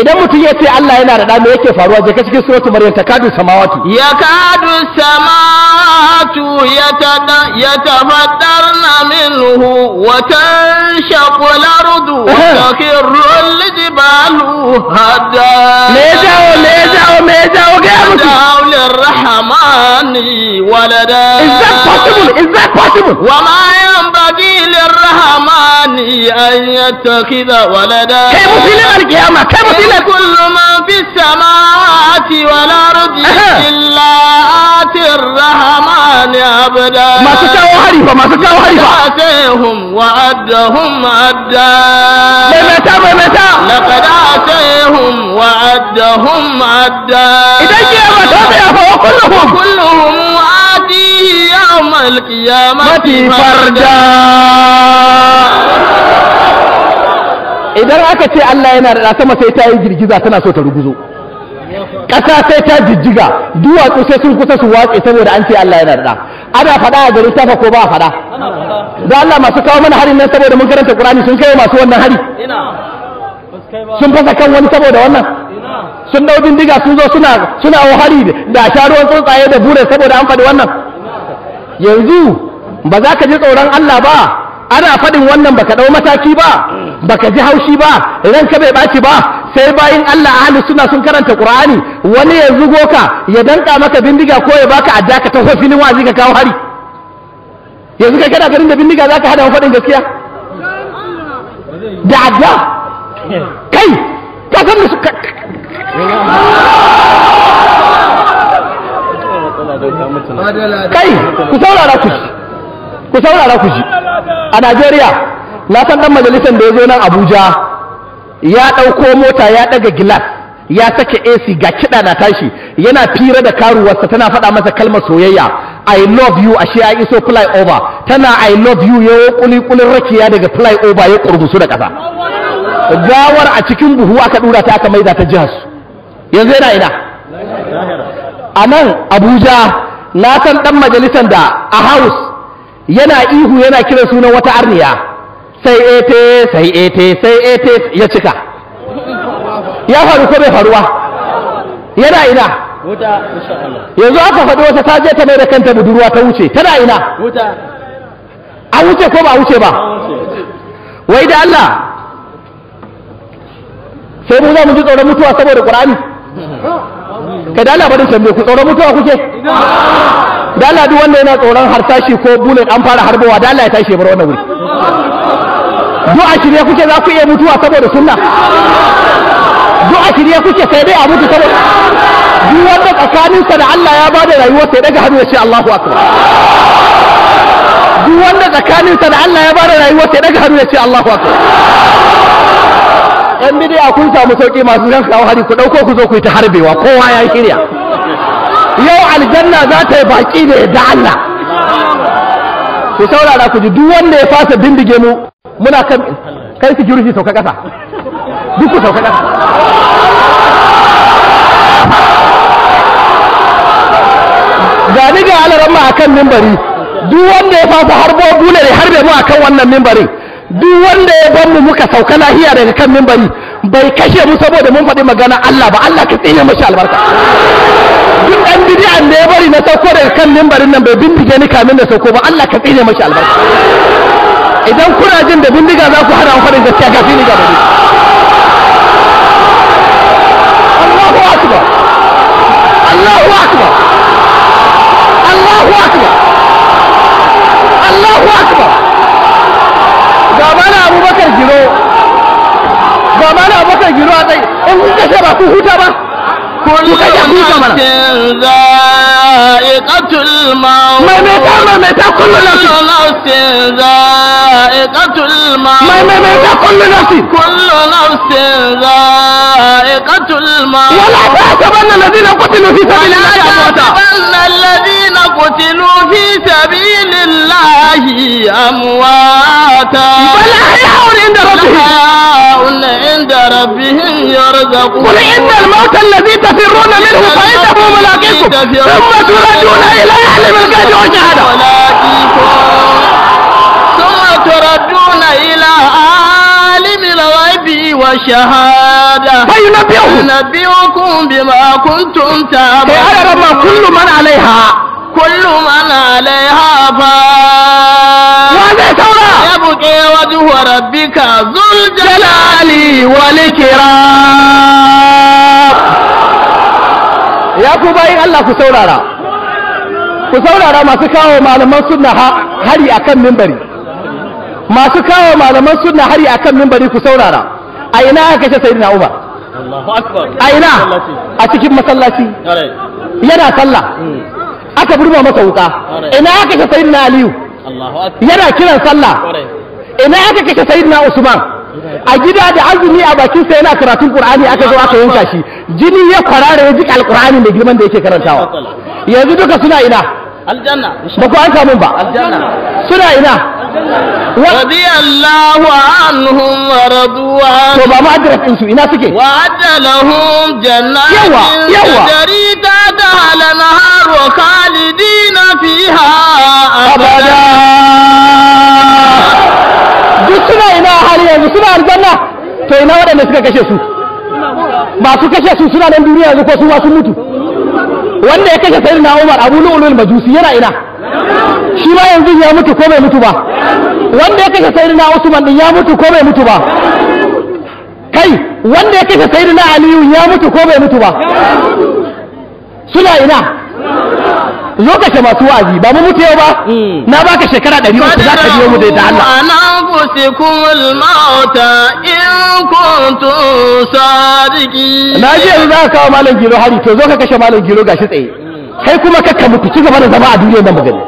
idan mutum ya ce Allah yana da da, me yake faruwa je ka cikin suratul maryam takadu samawatu yakadu samawatu yatada yatafaddarna minhu wa tanshaqu al-ardu wa takirru al-jibalu hada me jawo me jawo me jawo ga mutum dawl ar-rahmani walada is that possible is that possible wa ma yanba ينبغي للرحمن أن يتخذ ولدا كيف كل ما في السماوات والأرض إلا آتي الرحمن عبدا ما تكاو حريفة ما تكاو حريفة آتيهم وعدهم عدا ممتا ممتا لقد آتيهم وعدهم عدا إذا القيامة تضيع فهو كلهم كلهم آتي يوم القيامة idan aka ce Allah yana da sama sai ta yi girgiza tana so ta ruguzo ƙasa sai ta jijjiga duwatsu sai sun kusa su watse saboda an ce Allah yana da ana faɗa a garin tafa ko ba a faɗa da Allah masu kawo mana harin nan saboda mun karanta Qur'ani sun kai masu wannan hari sun fasa kan wani saboda wannan sun dau bindiga sun zo suna suna hari da sharuwan tsuntsaye da bure saboda an faɗi wannan yanzu ba za ka ji tsoron Allah ba ana faɗin wannan baka ɗau mataki ba baka ji haushi ba ranka bai ɓaci ba sai bayin Allah ahli suna sun karanta Qur'ani wani ya zugo ya danka maka bindiga ko ya baka addaka ka tafi filin wazi ka kawo hari yanzu kai kana garin da bindiga zaka hada faɗin gaskiya da adda kai ka san kai ku saurara ku ji ku saurara ku ji a Najeriya na san dan majalisar da ya zo nan Abuja ya ɗauko mota ya ɗaga gilas ya sake AC ga kiɗa na tashi yana fira da karuwarsa tana faɗa masa kalmar soyayya I love you ashe ya iso fly over tana I love you ya kuli kuli rakiya daga fly over ya kurgusu da ƙasa gawar a cikin buhu aka ɗura ta aka maida ta jihar yanzu yana ina a nan abuja na san ɗan majalisar da a house yana ihu yana kira sunan wata arniya sai ete sai ete sai ete ya cika ya faru ko bai faruwa yana ina yanzu aka faɗi wata ta je ta mai da kanta budurwa ta wuce tana ina a wuce ko ba a wuce ba wai da Allah sai mu za mu ji tsoron mutuwa saboda ƙura'ani? kai da Allah barin tambaye ku tsoron mutuwa kuke da Allah duk wanda yana tsoron harsashi ko bule an fara harbowa da Allah ya tashi ya bar wannan wuri duk a shirye kuke za ku iya mutuwa saboda sunna duk a shirye kuke sai dai a mutu saboda duk wanda tsakaninsa da Allah ya bada rayuwa sai daga hannu ya ce Allahu akbar duk wanda tsakaninsa da Allah ya bada rayuwa sai daga hannu ya ce Allahu akbar yan bidiya kun samu sauki masu zan kawo hari ku ɗauko ku zo ku yi ta harbewa kowa ya shirya yau aljanna za ta yi baki da yadda Allah ku saurara ku ji duk wanda ya fasa bindige mu muna kan kai security sauka ƙasa duk ku sauka ƙasa gani ga alaran ma akan mimbari duk wanda ya fasa harbo bule ne harbe mu akan wannan mimbarin duk wanda ya ban mu muka sauka lahiya daga kan mimbari bai kashe mu saboda mun faɗi magana Allah ba Allah ka tsine mashi albarka duk ɗan bidiyan da ya bari na sauko daga kan mimbarin nan bai bindige ni kamin na sauko ba Allah ka tsine mashi albarka idan kuna jin da bindiga za ku hana faɗin gaskiya ga fini gaba Allahu akbar Allahu akbar Allahu akbar kabiru a tsaye in kun kashe ba ku huta ba ku kashe ku huta mana maimaita maimaita kullu nafsin maimaita kullu nafsin kullu nafsin za'iqatul maut wala tahsabanna alladhina qutilu fi sabilillahi amwata alladhina qutilu fi sabilillahi amwata فالأحياء عند ربهم عند ربهم يرزقون قل إن الموت الذي تفرون منه فإنه ملاقيكم ثم تردون إلى أهل الغيب والشهادة ثم تردون إلى عالم الغيب والشهادة فينبئكم بما كنتم تعملون إيه كل من عليها كل من عليها فان ماذا وجه ربك ذو الجلال والإكرام يا كوباي الله كسورارا كسورارا ما سكاو معلمان سنة هري أكم منبري ما سكاو معلمان سنة هري أكم منبري كسورارا أينا أكش سيدنا عمر أين أتكب مسلاتي ينا سلا aka ما مسوكا أينا ina سيدنا ce sayyidina aliyu yana kiran sallah ina aka kashe sayyidina usman a gida da azumi a bakin sa yana karatun qur'ani aka zo aka yanka shi jini ya kwarara ya jika alqur'ani mai girman da yake karantawa yanzu duka suna ina aljanna ba ku an samu ba aljanna suna ina radiyallahu anhum wa radu to ba ma adresin su ina suke wa adalahum jannatin tajri tahta al-anhar wa khalidina fiha abada duk suna ina hali yanzu suna aljanna to ina waɗanda suka kashe su masu kashe su suna nan duniya yanzu ko su ma sun mutu wanda ya kashe sayyidina Umar Abu Lu'lu'ul Majusi yana ina shi ma yanzu ya mutu ko bai mutu ba wanda ya kashe sayyidina Usman din ya mutu ko bai mutu ba kai wanda ya kashe sayyidina Aliyu ya mutu ko bai mutu ba suna ina lokacin masu wa'azi ba mu mutu yau ba hmm. na baka shekara 100 za ka biyo mu da Allah أنفسكم الموت إن كنتم صادقين ناجي إذا كاو مالن جيلو هاري توزوكا كشا مالن جيلو غاشي تأي kai kuma kakka mutu ci gaba da zama a duniyar nan magani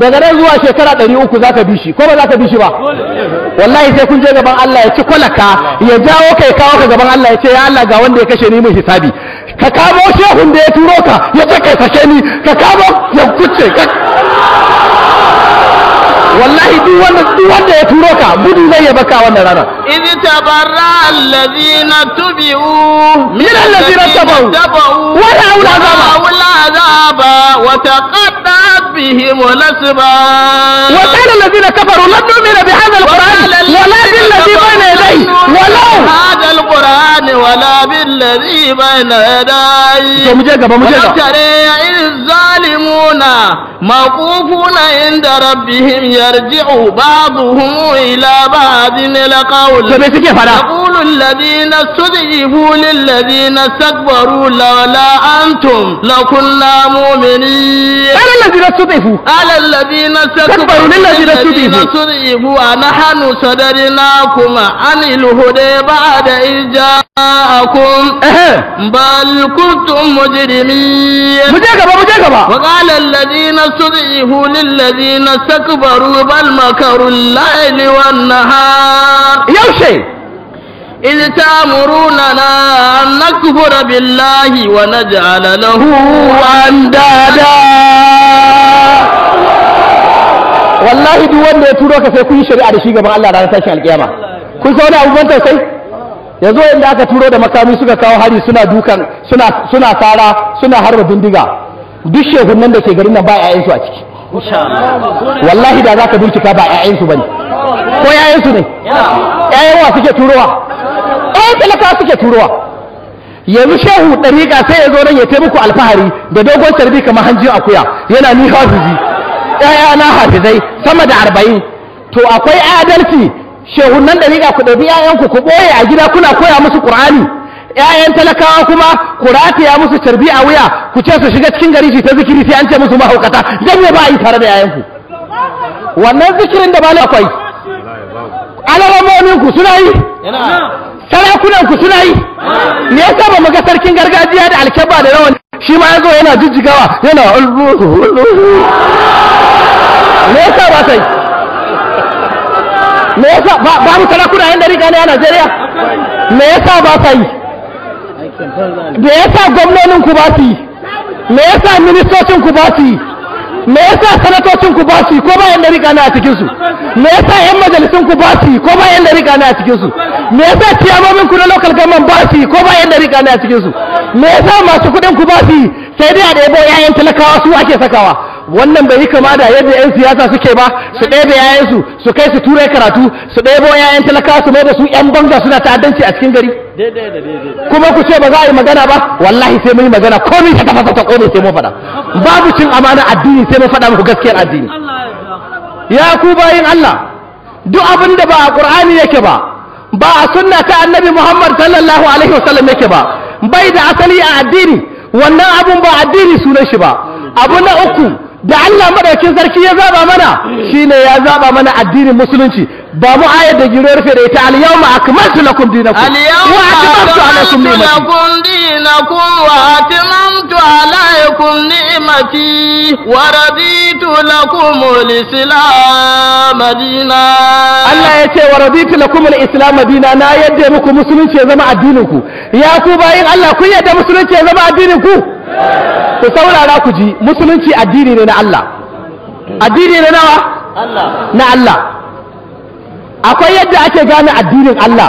daga nan zuwa shekara ɗari uku za ka bi shi ko ba za ka bi shi ba wallahi sai kun je gaban Allah ya ci kwalaka ya jawo kai kawo ka gaban Allah ya ce ya Allah ga wanda ya kashe ni mun hisabi ka kamo shehun da ya turo ka ya ce kai sake ni ka kamo ya kuce wallahi duk wanda duk wanda ya turo ka gudu zai ya baka wannan rana in tabarra allazina tubi'u min allazina tabu wa la ulama wa la azaba wa بهم الأسباب وقال الذين كفروا لن نؤمن بهذا القرآن ولا بالذي بين يديه ولا هذا القرآن ولا بالذي بين يديه ولو ترى الظالمون موقوفون عند ربهم يرجع بعضهم إلى بعض لقول يقول الذين استضعفوا للذين استكبروا لولا أنتم لكنا مؤمنين استضعفوا على الذين استكبروا للذين استضعفوا ونحن صدرناكم عن الهدى بعد إذ جاءكم بل كنتم مجرمين وقال الذين استضعفوا للذين استكبروا بل مكروا الليل والنهار يوشي إذ تأمروننا أن نكفر بالله ونجعل له أندادا wallahi duk wanda ya turo ka sai kun yi shari'a da shi gaban Allah ranar tashin alƙiyama kun san wani abubuwan tausayi yanzu inda aka turo da makami suka kawo hari suna dukan suna suna suna harba bindiga duk nan da ke garin nan ba 'ya'yansu a ciki wallahi da zaka bincika ba ba bane ko 'ya'yansu ne ƴaƴan wa suke turowa ƴaƴan talaka suke turowa yanzu shehu ɗariƙa sai ya zo nan ya taimako alfahari da dogon tarbi kamar hanjin akuya yana ni hafizi Yaya na hafizai sama da arba'in to akwai adalci shehunan ɗariƙa ku ɗabi ƴaƴanku ku ɓoye a gida kuna koya musu ƙur'ani ‘ya'yan talakawa kuma ku rataya musu carbi a wuya ku ce su shiga cikin gari ta zikiri sai an ce musu mahaukata don me ba a yi tare da ‘ya'yanku wannan zikirin da ba akwai alamomin ku suna yi sarakunan ku suna yi me yasa ba mu ga sarkin gargajiya da alkeba da rawan shi ma yazo yana jijjigawa yana ulbuhu me yasa ba sai me yasa ba ba mu sarakuna yan dari ne a Najeriya me yasa ba sai me yasa gwamnonin ku ba su yi me yasa ministocin ku ba su yi me yasa sanatocin ku ba su yi ko ba yan rika ne a cikin su me yasa yan majalisun ku ba su yi ko ba yan rika ne a cikin su me yasa ciyamomin ku na local government ba su yi ko ba yan rika ne a cikin su me yasa masu kuɗin ku ba su yi sai dai a ɗebo yayan talakawa su ake sakawa wannan bai yi kama da yadda 'yan siyasa suke ba su ɗebe yayansu su kai su turai karatu su ɗebo yayan talakawa su mai da su 'yan banga suna ta'addanci a cikin gari kuma ku ce ba za a yi magana ba wallahi sai mun yi magana komai ta tafasa ta kone sai mun faɗa babu cin amana addini sai mun faɗa muku gaskiyar addini ya ku bayin Allah duk abin da ba a Qur'ani yake ba ba a sunna ta Annabi Muhammad sallallahu alaihi wasallam yake ba bai da asali a addini wannan abun ba addini sunan shi ba abu na uku da Allah madaukin sarki ya zaba mana shine ya zaba mana addinin musulunci ba mu ayar da giro rufe da ita al-yawma akmaltu lakum dinakum wa atmamtu alaykum dinakum wa atmamtu alaykum ni'mati wa raditu lakum al-islam madina Allah ya ce wa raditu lakum al-islam madina na yadda muku musulunci ya zama addinin ku ya ku bayin Allah kun yadda musulunci ya zama addinin ku ku saurara ku ji musulunci addini ne na Allah addini ne nawa na Allah akwai yadda ake gane addinin Allah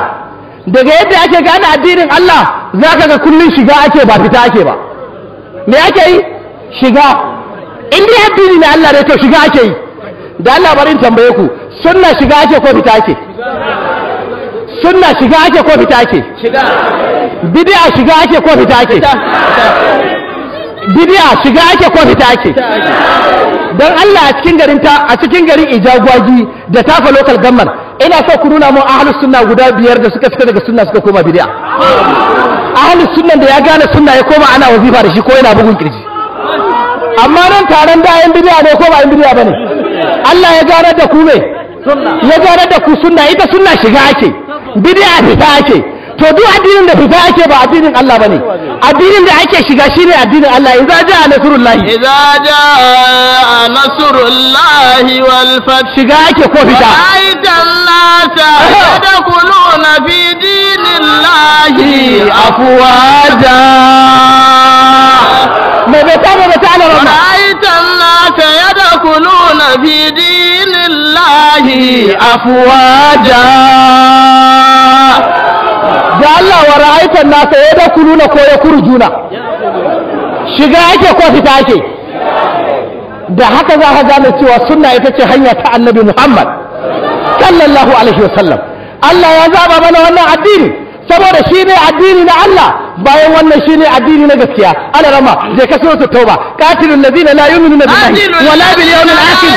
daga yadda ake gane addinin Allah za ka ga kullum shiga ake ba fita ake ba me ake yi shiga in dai addini na Allah ne to shiga ake yi da Allah barin tambaye ku sunna shiga ake ko fita ake sunna shiga ake ko fita ake bid'a shiga ake ko fita ake bidiya shiga ake ko fita ake don Allah a cikin garin ta a cikin garin Ijagwagi da Tafa lokal gammar ina so ku nuna mu ahlus sunna guda biyar da suka fita daga suna suka koma bidiya ahlus sunna da ya gane sunna ya koma ana wazifa da shi ko yana bugun kirji amma nan taron da yan bidiya ne ko ba yan bidiya bane Allah ya gane da ku me ya gane da ku sunna ita suna shiga ake bidiya fita ake to duk addinin da fita ake ba addinin Allah bane addinin da ake shiga shine addinin Allah idza jaa nasrullahi idza jaa nasrullahi wal fath shiga ake ko fita aidan nasa yadkhuluna fi dinillahi afwaja me beta me beta ala rama aidan nasa yadkhuluna fi dinillahi afwaja da Allah wa ra'aitan nasa ya da kuluna ko ya juna. shiga ake ko fita ake da haka za ka gane cewa sunna ita ce hanya ta annabi Muhammad sallallahu alaihi sallam. Allah ya zaba mana wannan addini saboda shi ne addini na Allah bayan wannan shi ne addini na gaskiya ana rama je ka so su tauba qatilul ladina la yu'minuna billahi wala bil yawmil akhir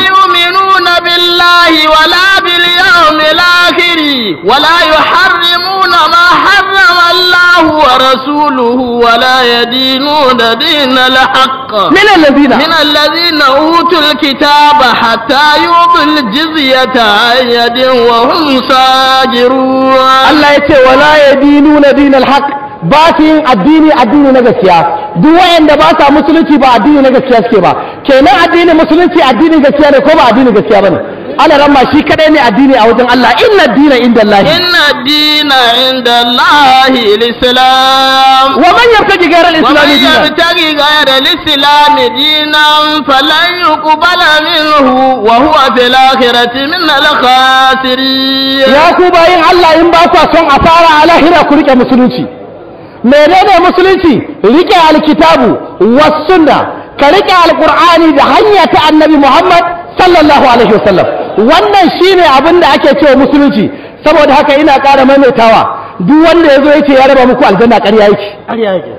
بالله ولا باليوم الآخر ولا يحرمون ما حرم الله ورسوله ولا يدينون دين الحق من الذين من الذين أوتوا الكتاب حتى يعطوا الجزية عن يد وهم ساجرون الله يتي ولا يدينون دين الحق ba su yin addini addini na gaskiya duk wayanda ba sa musulunci ba addini na gaskiya suke ba kenan addini musulunci addini gaskiya ne ko ba addini gaskiya bane ana ramma shi kadai ne addini a wajen Allah inna dina inda Allah inna dina inda Allah al-islam wa man yabtaji ghayra al-islam dinan wa man yabtaji ghayra al-islam dinan falan yuqbala minhu wa huwa fil akhirati min al-khasirin ya ku bayin Allah in ba sa son asara a lahira ku rike musulunci menene musulunci rike alkitabu wasu ka rike alkur'ani da hanya ta annabi muhammad sallallahu alaihi wasallam wannan shine abin da ake cewa musulunci saboda haka ina ƙara maimaitawa duk wanda ya zo ya ce ya raba muku aljanna ƙarya yake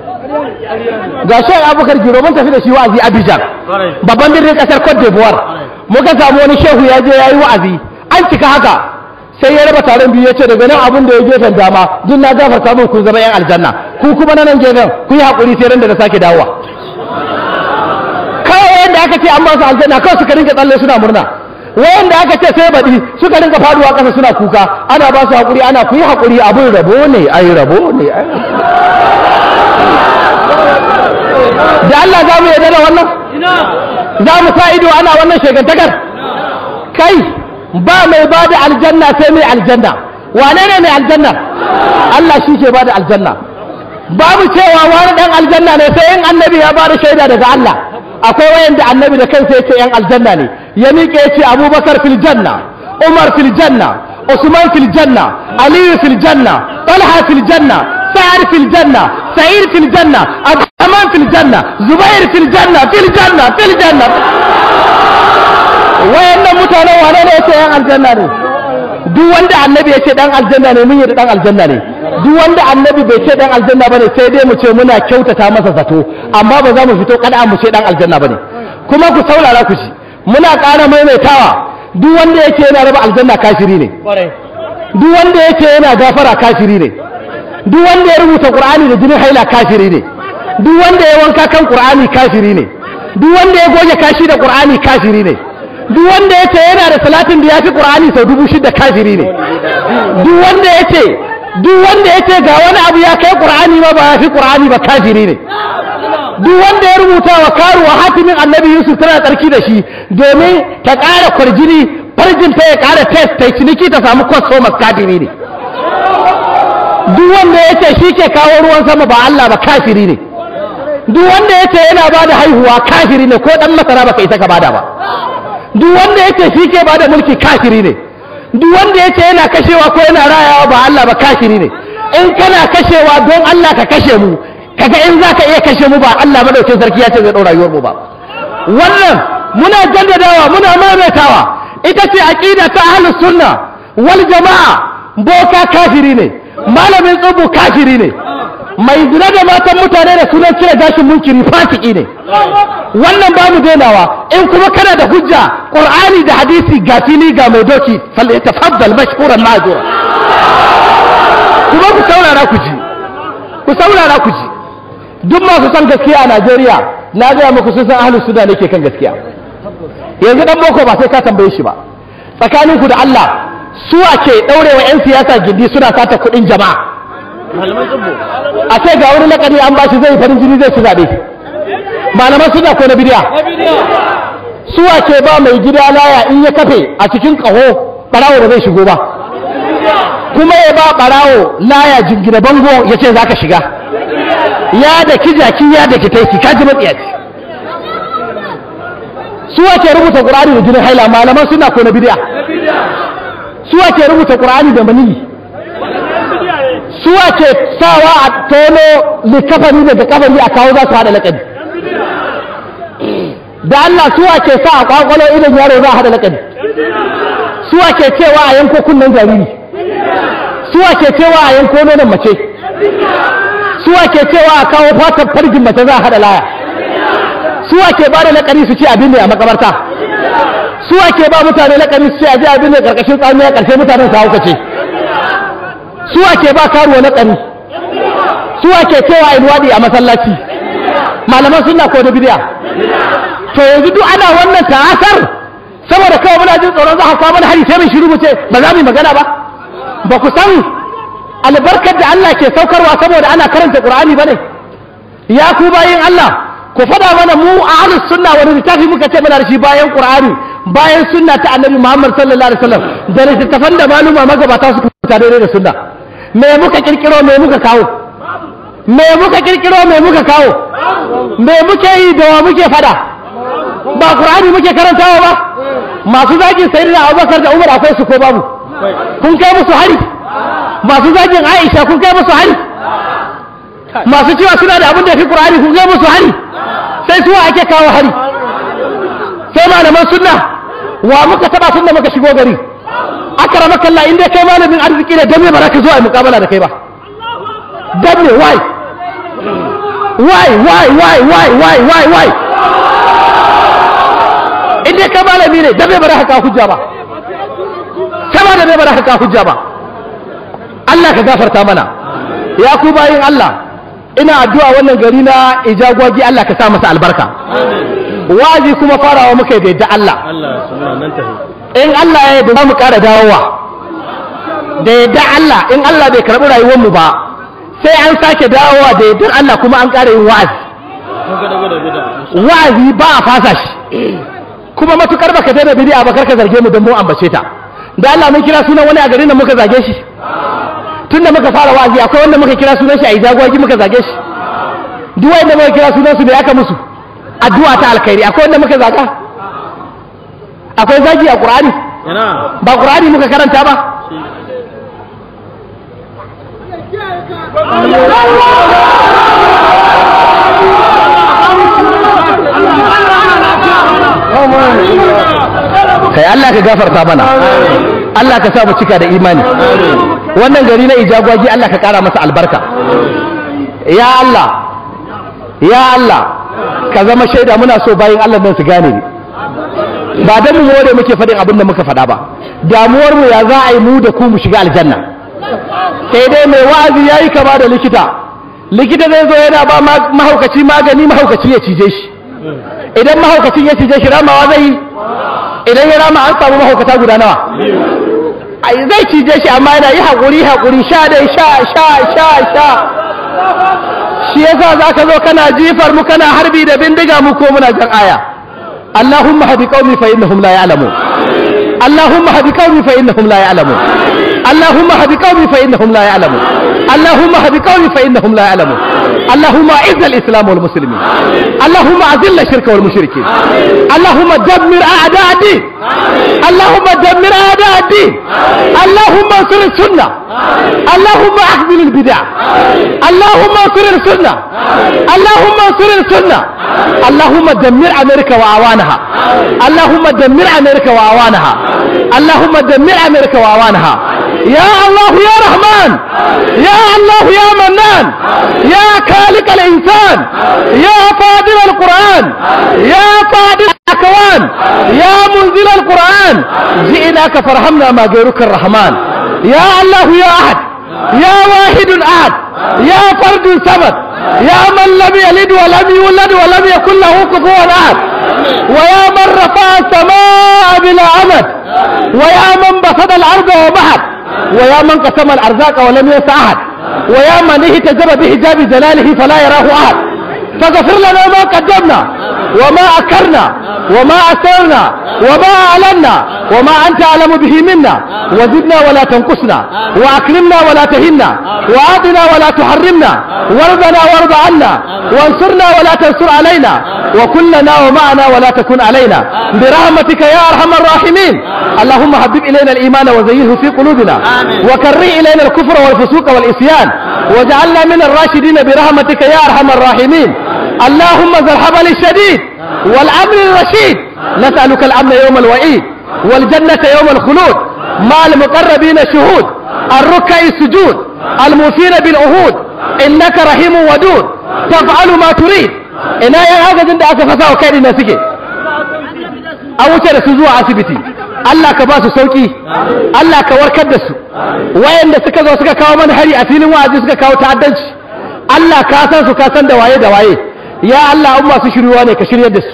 ga shi abubakar giro mun tafi da shi wa'azi abijan babban birnin ƙasar cote d'ivoire muka samu wani shehu ya je ya yi wa'azi an cika haka sai ya raba taron biyu ya ce daga nan abin da ya gefen dama duk na gafarta min kun zama yan aljanna ku kuma na nan gefen ku yi hakuri sai randa da sake dawowa kawai yanda aka ce an ba su aljanna kawai suka rinka tsalle suna murna wanda aka ce sai baɗi suka rinka faduwa ƙasa suna kuka ana ba su hakuri ana ku yi hakuri abin rabo ne ai rabo ne da Allah za mu yarda da wannan za mu sa ido ana wannan shekantakar kai ba mai ba da aljanna sai mai aljanna wane ne mai aljanna Allah shi ke ba da aljanna babu cewa wani dan aljanna ne sai yan annabi ya ba da shaida daga Allah akwai wayanda annabi da kansa yake yan aljanna ne ya miƙe ya ce abubakar fil janna umar fil janna usman fil janna aliyu fil janna talha fil janna sa'ad fil janna sa'id fil janna abdurrahman fil janna zubair fil janna fil janna fil janna wayannan mutanen wane ne yace yan aljanna ne duk wanda annabi ya ce dan aljanna ne mun yi dan aljanna ne duk wanda annabi bai ce dan aljanna bane sai dai mu ce muna kyautata masa zato amma ba za mu fito kada mu ce dan aljanna bane kuma ku saurara ku ji muna ƙara maimaitawa duk wanda yake yana raba aljanna kafiri ne duk wanda yake yana gafara kafiri ne duk wanda ya rubuta qur'ani da jinin haila kafiri ne duk wanda ya wanka kan qur'ani kafiri ne duk wanda ya goge kashi da qur'ani kafiri ne duk wanda ya ce yana da salatin da ya fi ƙura'ani sau dubu shida kafiri ne duk wanda ya ce duk wanda ya ce ga wani abu ya kai ƙura'ani ma ba ya fi ƙura'ani ba kafiri ne duk wanda ya rubuta wa karu karuwa hatimin annabi yusuf tana tsarki da shi domin ta ƙara kwarjini farjin ta ya ƙara test ta ciniki ta samu mas kafiri ne duk wanda ya ce shi ke kawo ruwan sama ba allah ba kafiri ne duk wanda ya ce yana ba da haihuwa kafiri ne ko ɗan masara ba ka isa ka bada ba duk wanda yake shi ke ba da mulki kafiri ne duk wanda yake yana kashewa ko yana rayawa ba Allah ba kafiri ne in kana kashewa don Allah ka kashe mu kaga in zaka iya kashe mu ba Allah madaukin sarki ya ce zai dora rayuwar mu ba wannan muna jaddadawa muna maimaitawa ita ce aqida ta ahlus sunna wal jamaa boka kafiri ne malamin tsubu kafiri ne mai zina da matan mutane da sunan cire gashin mulki fasiki ne wannan mu denawa in kuma kana da hujja qur'ani da hadisi ga fili ga mai doki falyatafaddal mashkuran kuma ku saurara ku ji ku saurara ku ji duk masu san gaskiya a Najeriya na gaya muku sun san ahlus sunna ne ke kan gaskiya yanzu dan boko ba sai ka tambaye shi ba tsakaninku da Allah su ake ɗaurewa 'yan siyasa gindi suna sata kuɗin jama'a a ce ga wani lakari an ba shi zai farin jini zai ci zaɓe malaman suna ko na bidiya suwa ke ba mai gida laya in ya kafe a cikin ƙaho ɓarawo ba zai shigo ba kuma ya ba ɓarawo laya jingina bango ya ce za ka shiga ya da ki jaki ya da ki ka ji matsiyaci suwa ke rubuta ƙura'ani da jinin haila malaman suna ko na bidiya suwa ke rubuta ƙura'ani da maniyi Suwa ke sawa a tono likafani da kafani a kawo za su haɗa laƙabi da Allah suwa ke sa a kwakwalo idan yaro za a haɗa laƙabi Suwa ke cewa a yanko kunnen jariri Suwa ke cewa a yanko nonon mace Suwa ke cewa a kawo fatan farjin mace za a haɗa laya Suwa ke ba da laƙari su ce abin ne a makabarta Suwa ke ba mutane laƙari su ce a ji abin ne ƙarƙashin tsamiya ƙarshe mutanen sa hauka ce su ake ba karuwa na ɗari? su ake cewa a luwaɗi a masallaci malaman suna ko da bidiya to yanzu duk ana wannan ta'asar saboda kawai muna jin tsoron za a kawo mana hari sai mai shiru mu ce ba za mu yi magana ba ba ku san albarkar da Allah ke saukarwa saboda ana karanta Qur'ani bane ya ku bayin Allah ku faɗa mana mu a ahlus sunna wani littafi muka ce muna da shi bayan Qur'ani bayan sunna ta Annabi Muhammad sallallahu alaihi wasallam da littattafan da maluma magabata su kuta daidai da sunna me muka kirkiro me muka kawo me muka kirkiro me muka kawo me muke yi da wa muke fada ba qur'ani muke karantawa ba masu zagin sayyidina abubakar da umar akwai su ko babu kun kai musu hari masu zagin aisha kun kai musu hari masu cewa suna da abin da fi qur'ani kun kai musu hari sai su ake kawo hari sai malaman sunna wa muka taba sunna muka shigo gari Akara rama kalla inda kai malamin arziki ne dame ba za ka zo a yi mukabala da kai ba dame why why why why why why why why inda kai malami ne dame ba za ka hujja ba kai ma ba za ka hujja ba Allah ka gafarta mana ya ku bayin Allah ina addu'a wannan gari na ijagwagi Allah ka sa masa albarka wa'azi kuma farawa muka da Allah in Allah ya yi za mu ƙara dawowa da yarda Allah in Allah bai karɓi rayuwar mu ba sai an sake dawowa da yardar Allah kuma an ƙara yin wa'azi wa'azi ba a fasa shi kuma matukar baka daina bid'a ba karka zarge mu don mu ambace ta da Allah mun kira sunan wani a garin da muka zage shi tun da muka fara wa'azi akwai wanda muka kira sunan shi a izagwagi muka zage shi duk wanda muka kira sunan su da aka musu addu'a ta alkhairi akwai wanda muka zaga akwai zagi a ƙur'ani ba ƙur'ani muka karanta ba kai Allah ka gafarta mana Allah ka sa mu cika da imani wannan gari na ijagwagi Allah ka kara masa albarka ya Allah ya Allah ka zama shaida muna so bayan Allah nan su gane ni ba dan mu more muke faɗin abin da muka faɗa ba damuwar mu ya za a yi mu da ku mu shiga aljanna sai dai mai wa'azi yayi kama da likita likita zai zo yana ba mahaukaci magani mahaukaci ya cije shi idan mahaukacin ya cije shi ramawa zai yi idan ya rama an samu mahaukata guda nawa zai cije shi amma yana yi haƙuri haƙuri sha dai sha sha sha sha shi yasa za ka zo kana jifar mu kana harbi da bindiga mu ko muna jan aya اللهم هد قومي فإنهم لا يعلمون اللهم هد قومي فإنهم لا يعلمون اللهم هد قومي فإنهم لا يعلمون اللهم هد قومي فإنهم لا يعلمون اللهم اعز الاسلام والمسلمين اللهم اذل الشرك والمشركين اللهم دمر اعداء الدين اللهم دمر اعداء الدين اللهم انصر السنه اللهم اخذل البدع اللهم انصر السنه اللهم انصر السنه اللهم دمر امريكا واعوانها اللهم دمر امريكا واعوانها اللهم دمر امريكا واعوانها يا الله يا رحمن يا الله يا منان يا خالق الإنسان يا فاضل القرآن يا فاضل الأكوان يا منزل القرآن جئناك فرحمنا ما غيرك الرحمن يا الله يا أحد يا واحد أحد يا فرد سبت يا من لم يلد ولم يولد ولم يكن له كفوا أحد ويا من رفع السماء بلا عمد ويا من بسط الأرض وبحر ويا من قسم الأرزاق ولم ينس أحد ويا من اهتزم بحجاب جلاله فلا يراه أحد فاغفر لنا ما قدمنا وما أكرنا وما أسرنا وما أعلنا وما أنت أعلم به منا وزدنا ولا تنقصنا وأكرمنا ولا تهنا وأعطنا ولا تحرمنا وارضنا وارض عنا وانصرنا ولا تنصر علينا وكلنا ومعنا ولا تكن علينا برحمتك يا أرحم الراحمين اللهم حبب إلينا الإيمان وزينه في قلوبنا وكره إلينا الكفر والفسوق والإسيان واجعلنا من الراشدين برحمتك يا أرحم الراحمين اللهم ذا الحبل الشديد والأمن الرشيد نسألك الأمن يوم الوعيد والجنة يوم الخلود مع المقربين شهود الركع السجود الموفين بالعهود إنك رحيم ودود تفعل ما تريد ina yan agajin da aka fasa wa kai na suke an wuce da su zuwa asibiti Allah ka ba su sauki ka warkar da su wayanda suka zo suka kawo mana hari a filin wa'azi suka kawo ta'addanci Allah ka san su ka san da waye da waye ya Allah in masu shiryuwa ne ka shiryar da su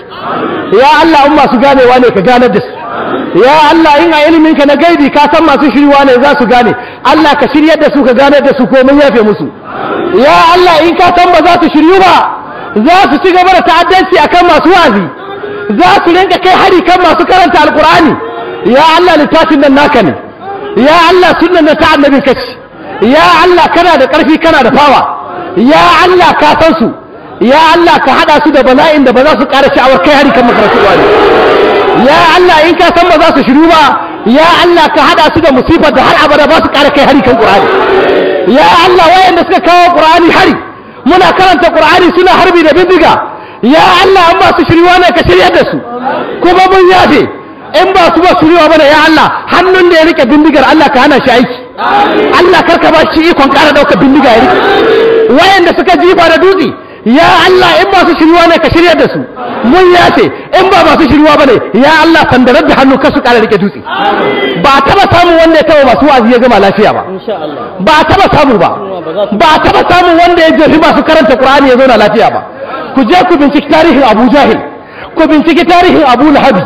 ya Allah in masu ganewa ne ka ganar da su ya Allah in a ilimin ka na gaibi ka san masu shiryuwa ne za su gane Allah ka shiryar da su ka ganar da su ko mun yafe musu ya Allah in ka san ba za su shiryu ba za su ci gaba da ta'addanci akan masu wazi za su rinka kai hari kan masu karanta alkur'ani ya Allah littafin nan naka ne ya Allah sunnan na ta annabin kaci ya Allah kana da ƙarfi kana da fawa ya Allah ka san su ya Allah ka hada su da bala'in da ba za su ƙara sha'awar kai hari kan makarantu ba ya Allah in ka san ba za su shiru ba ya Allah ka hada su da musibar da har abada ba su ƙara kai hari kan Qur'ani ya Allah wayanda suka kawo Qur'ani hari muna karanta Qur'ani suna harbi da bindiga ya Allah an ba su shiruwa ne ka shiryar da su kuma mun yafe in ba su ba shiruwa bane ya Allah hannun da ya rike bindigar Allah ka hana shi aiki Allah karka ba shi ikon ƙara ɗaukar bindiga ya rike wayanda suka jifa da dutse ya Allah in ba su shiruwa ne ka shirya da su mun ya ce in ba su shiruwa ne, ya Allah sandarar da hannu ka su kara rike dutse ba taba samu wanda ya taba masu wazi ya gama lafiya ba ba taba samu ba ba taba samu wanda ya jefi masu karanta Qur'ani ya zauna lafiya ba ku je ku binciki tarihin Abu Jahil ku binciki tarihin Abu Lahabi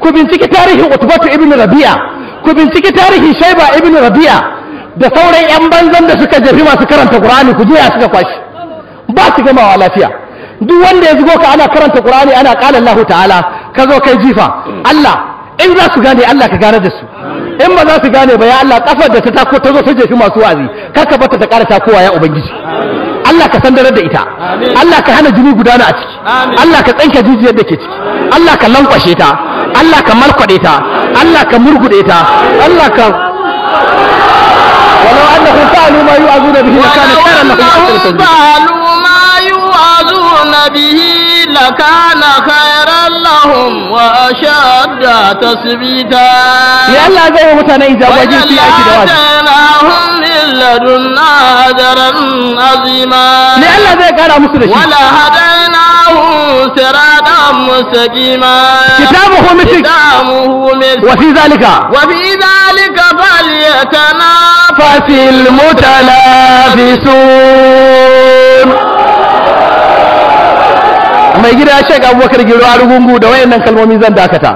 ku binciki tarihin Utubatu ibn Rabi'a ku binciki tarihin Shaiba ibn Rabi'a da sauran 'yan banzan da suka jefi masu karanta ƙur'ani ku juya suka kwashi ba su gamawa lafiya duk wanda ya zugo ka ana karanta ƙur'ani ana ƙala Allah ta'ala ka zo kai jifa Allah in za su gane Allah ka gane da su in ba za su gane ba ya Allah kafar da ta tako ta zo ta jefi masu wazi ka bata ta ƙara takowa ya ubangiji Allah ka sandarar da ita Allah ka hana jini gudana a ciki Allah ka tsanke jijiyar da ke ciki Allah ka lankwashe ta Allah ka markwade ta Allah ka murgude ta Allah ka ولو أنهم فعلوا ما يوعظون به لكان خيرا لهم أحسن فعلوا ما يوعظون به لكان خيرا لهم وأشد تثبيتا لألا زي متني زوجي في أشد وآتيناهم من لدنا أجرا عظيما لألا زي قال مسلم ولا هدينا صراطا مستقيما ختامه مسك وفي ذلك وفي ذلك فليتنافس المتنافسون mai gida shek abubakar giro a rugungu da wayannan kalmomi zan dakata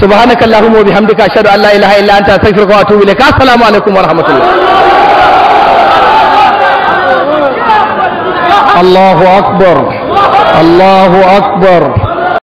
subhanakallahumma wa bihamdika ashhadu an la ilaha illa anta astaghfiruka wa atubu ilaik assalamu alaikum wa rahmatullah Allahu akbar الله أكبر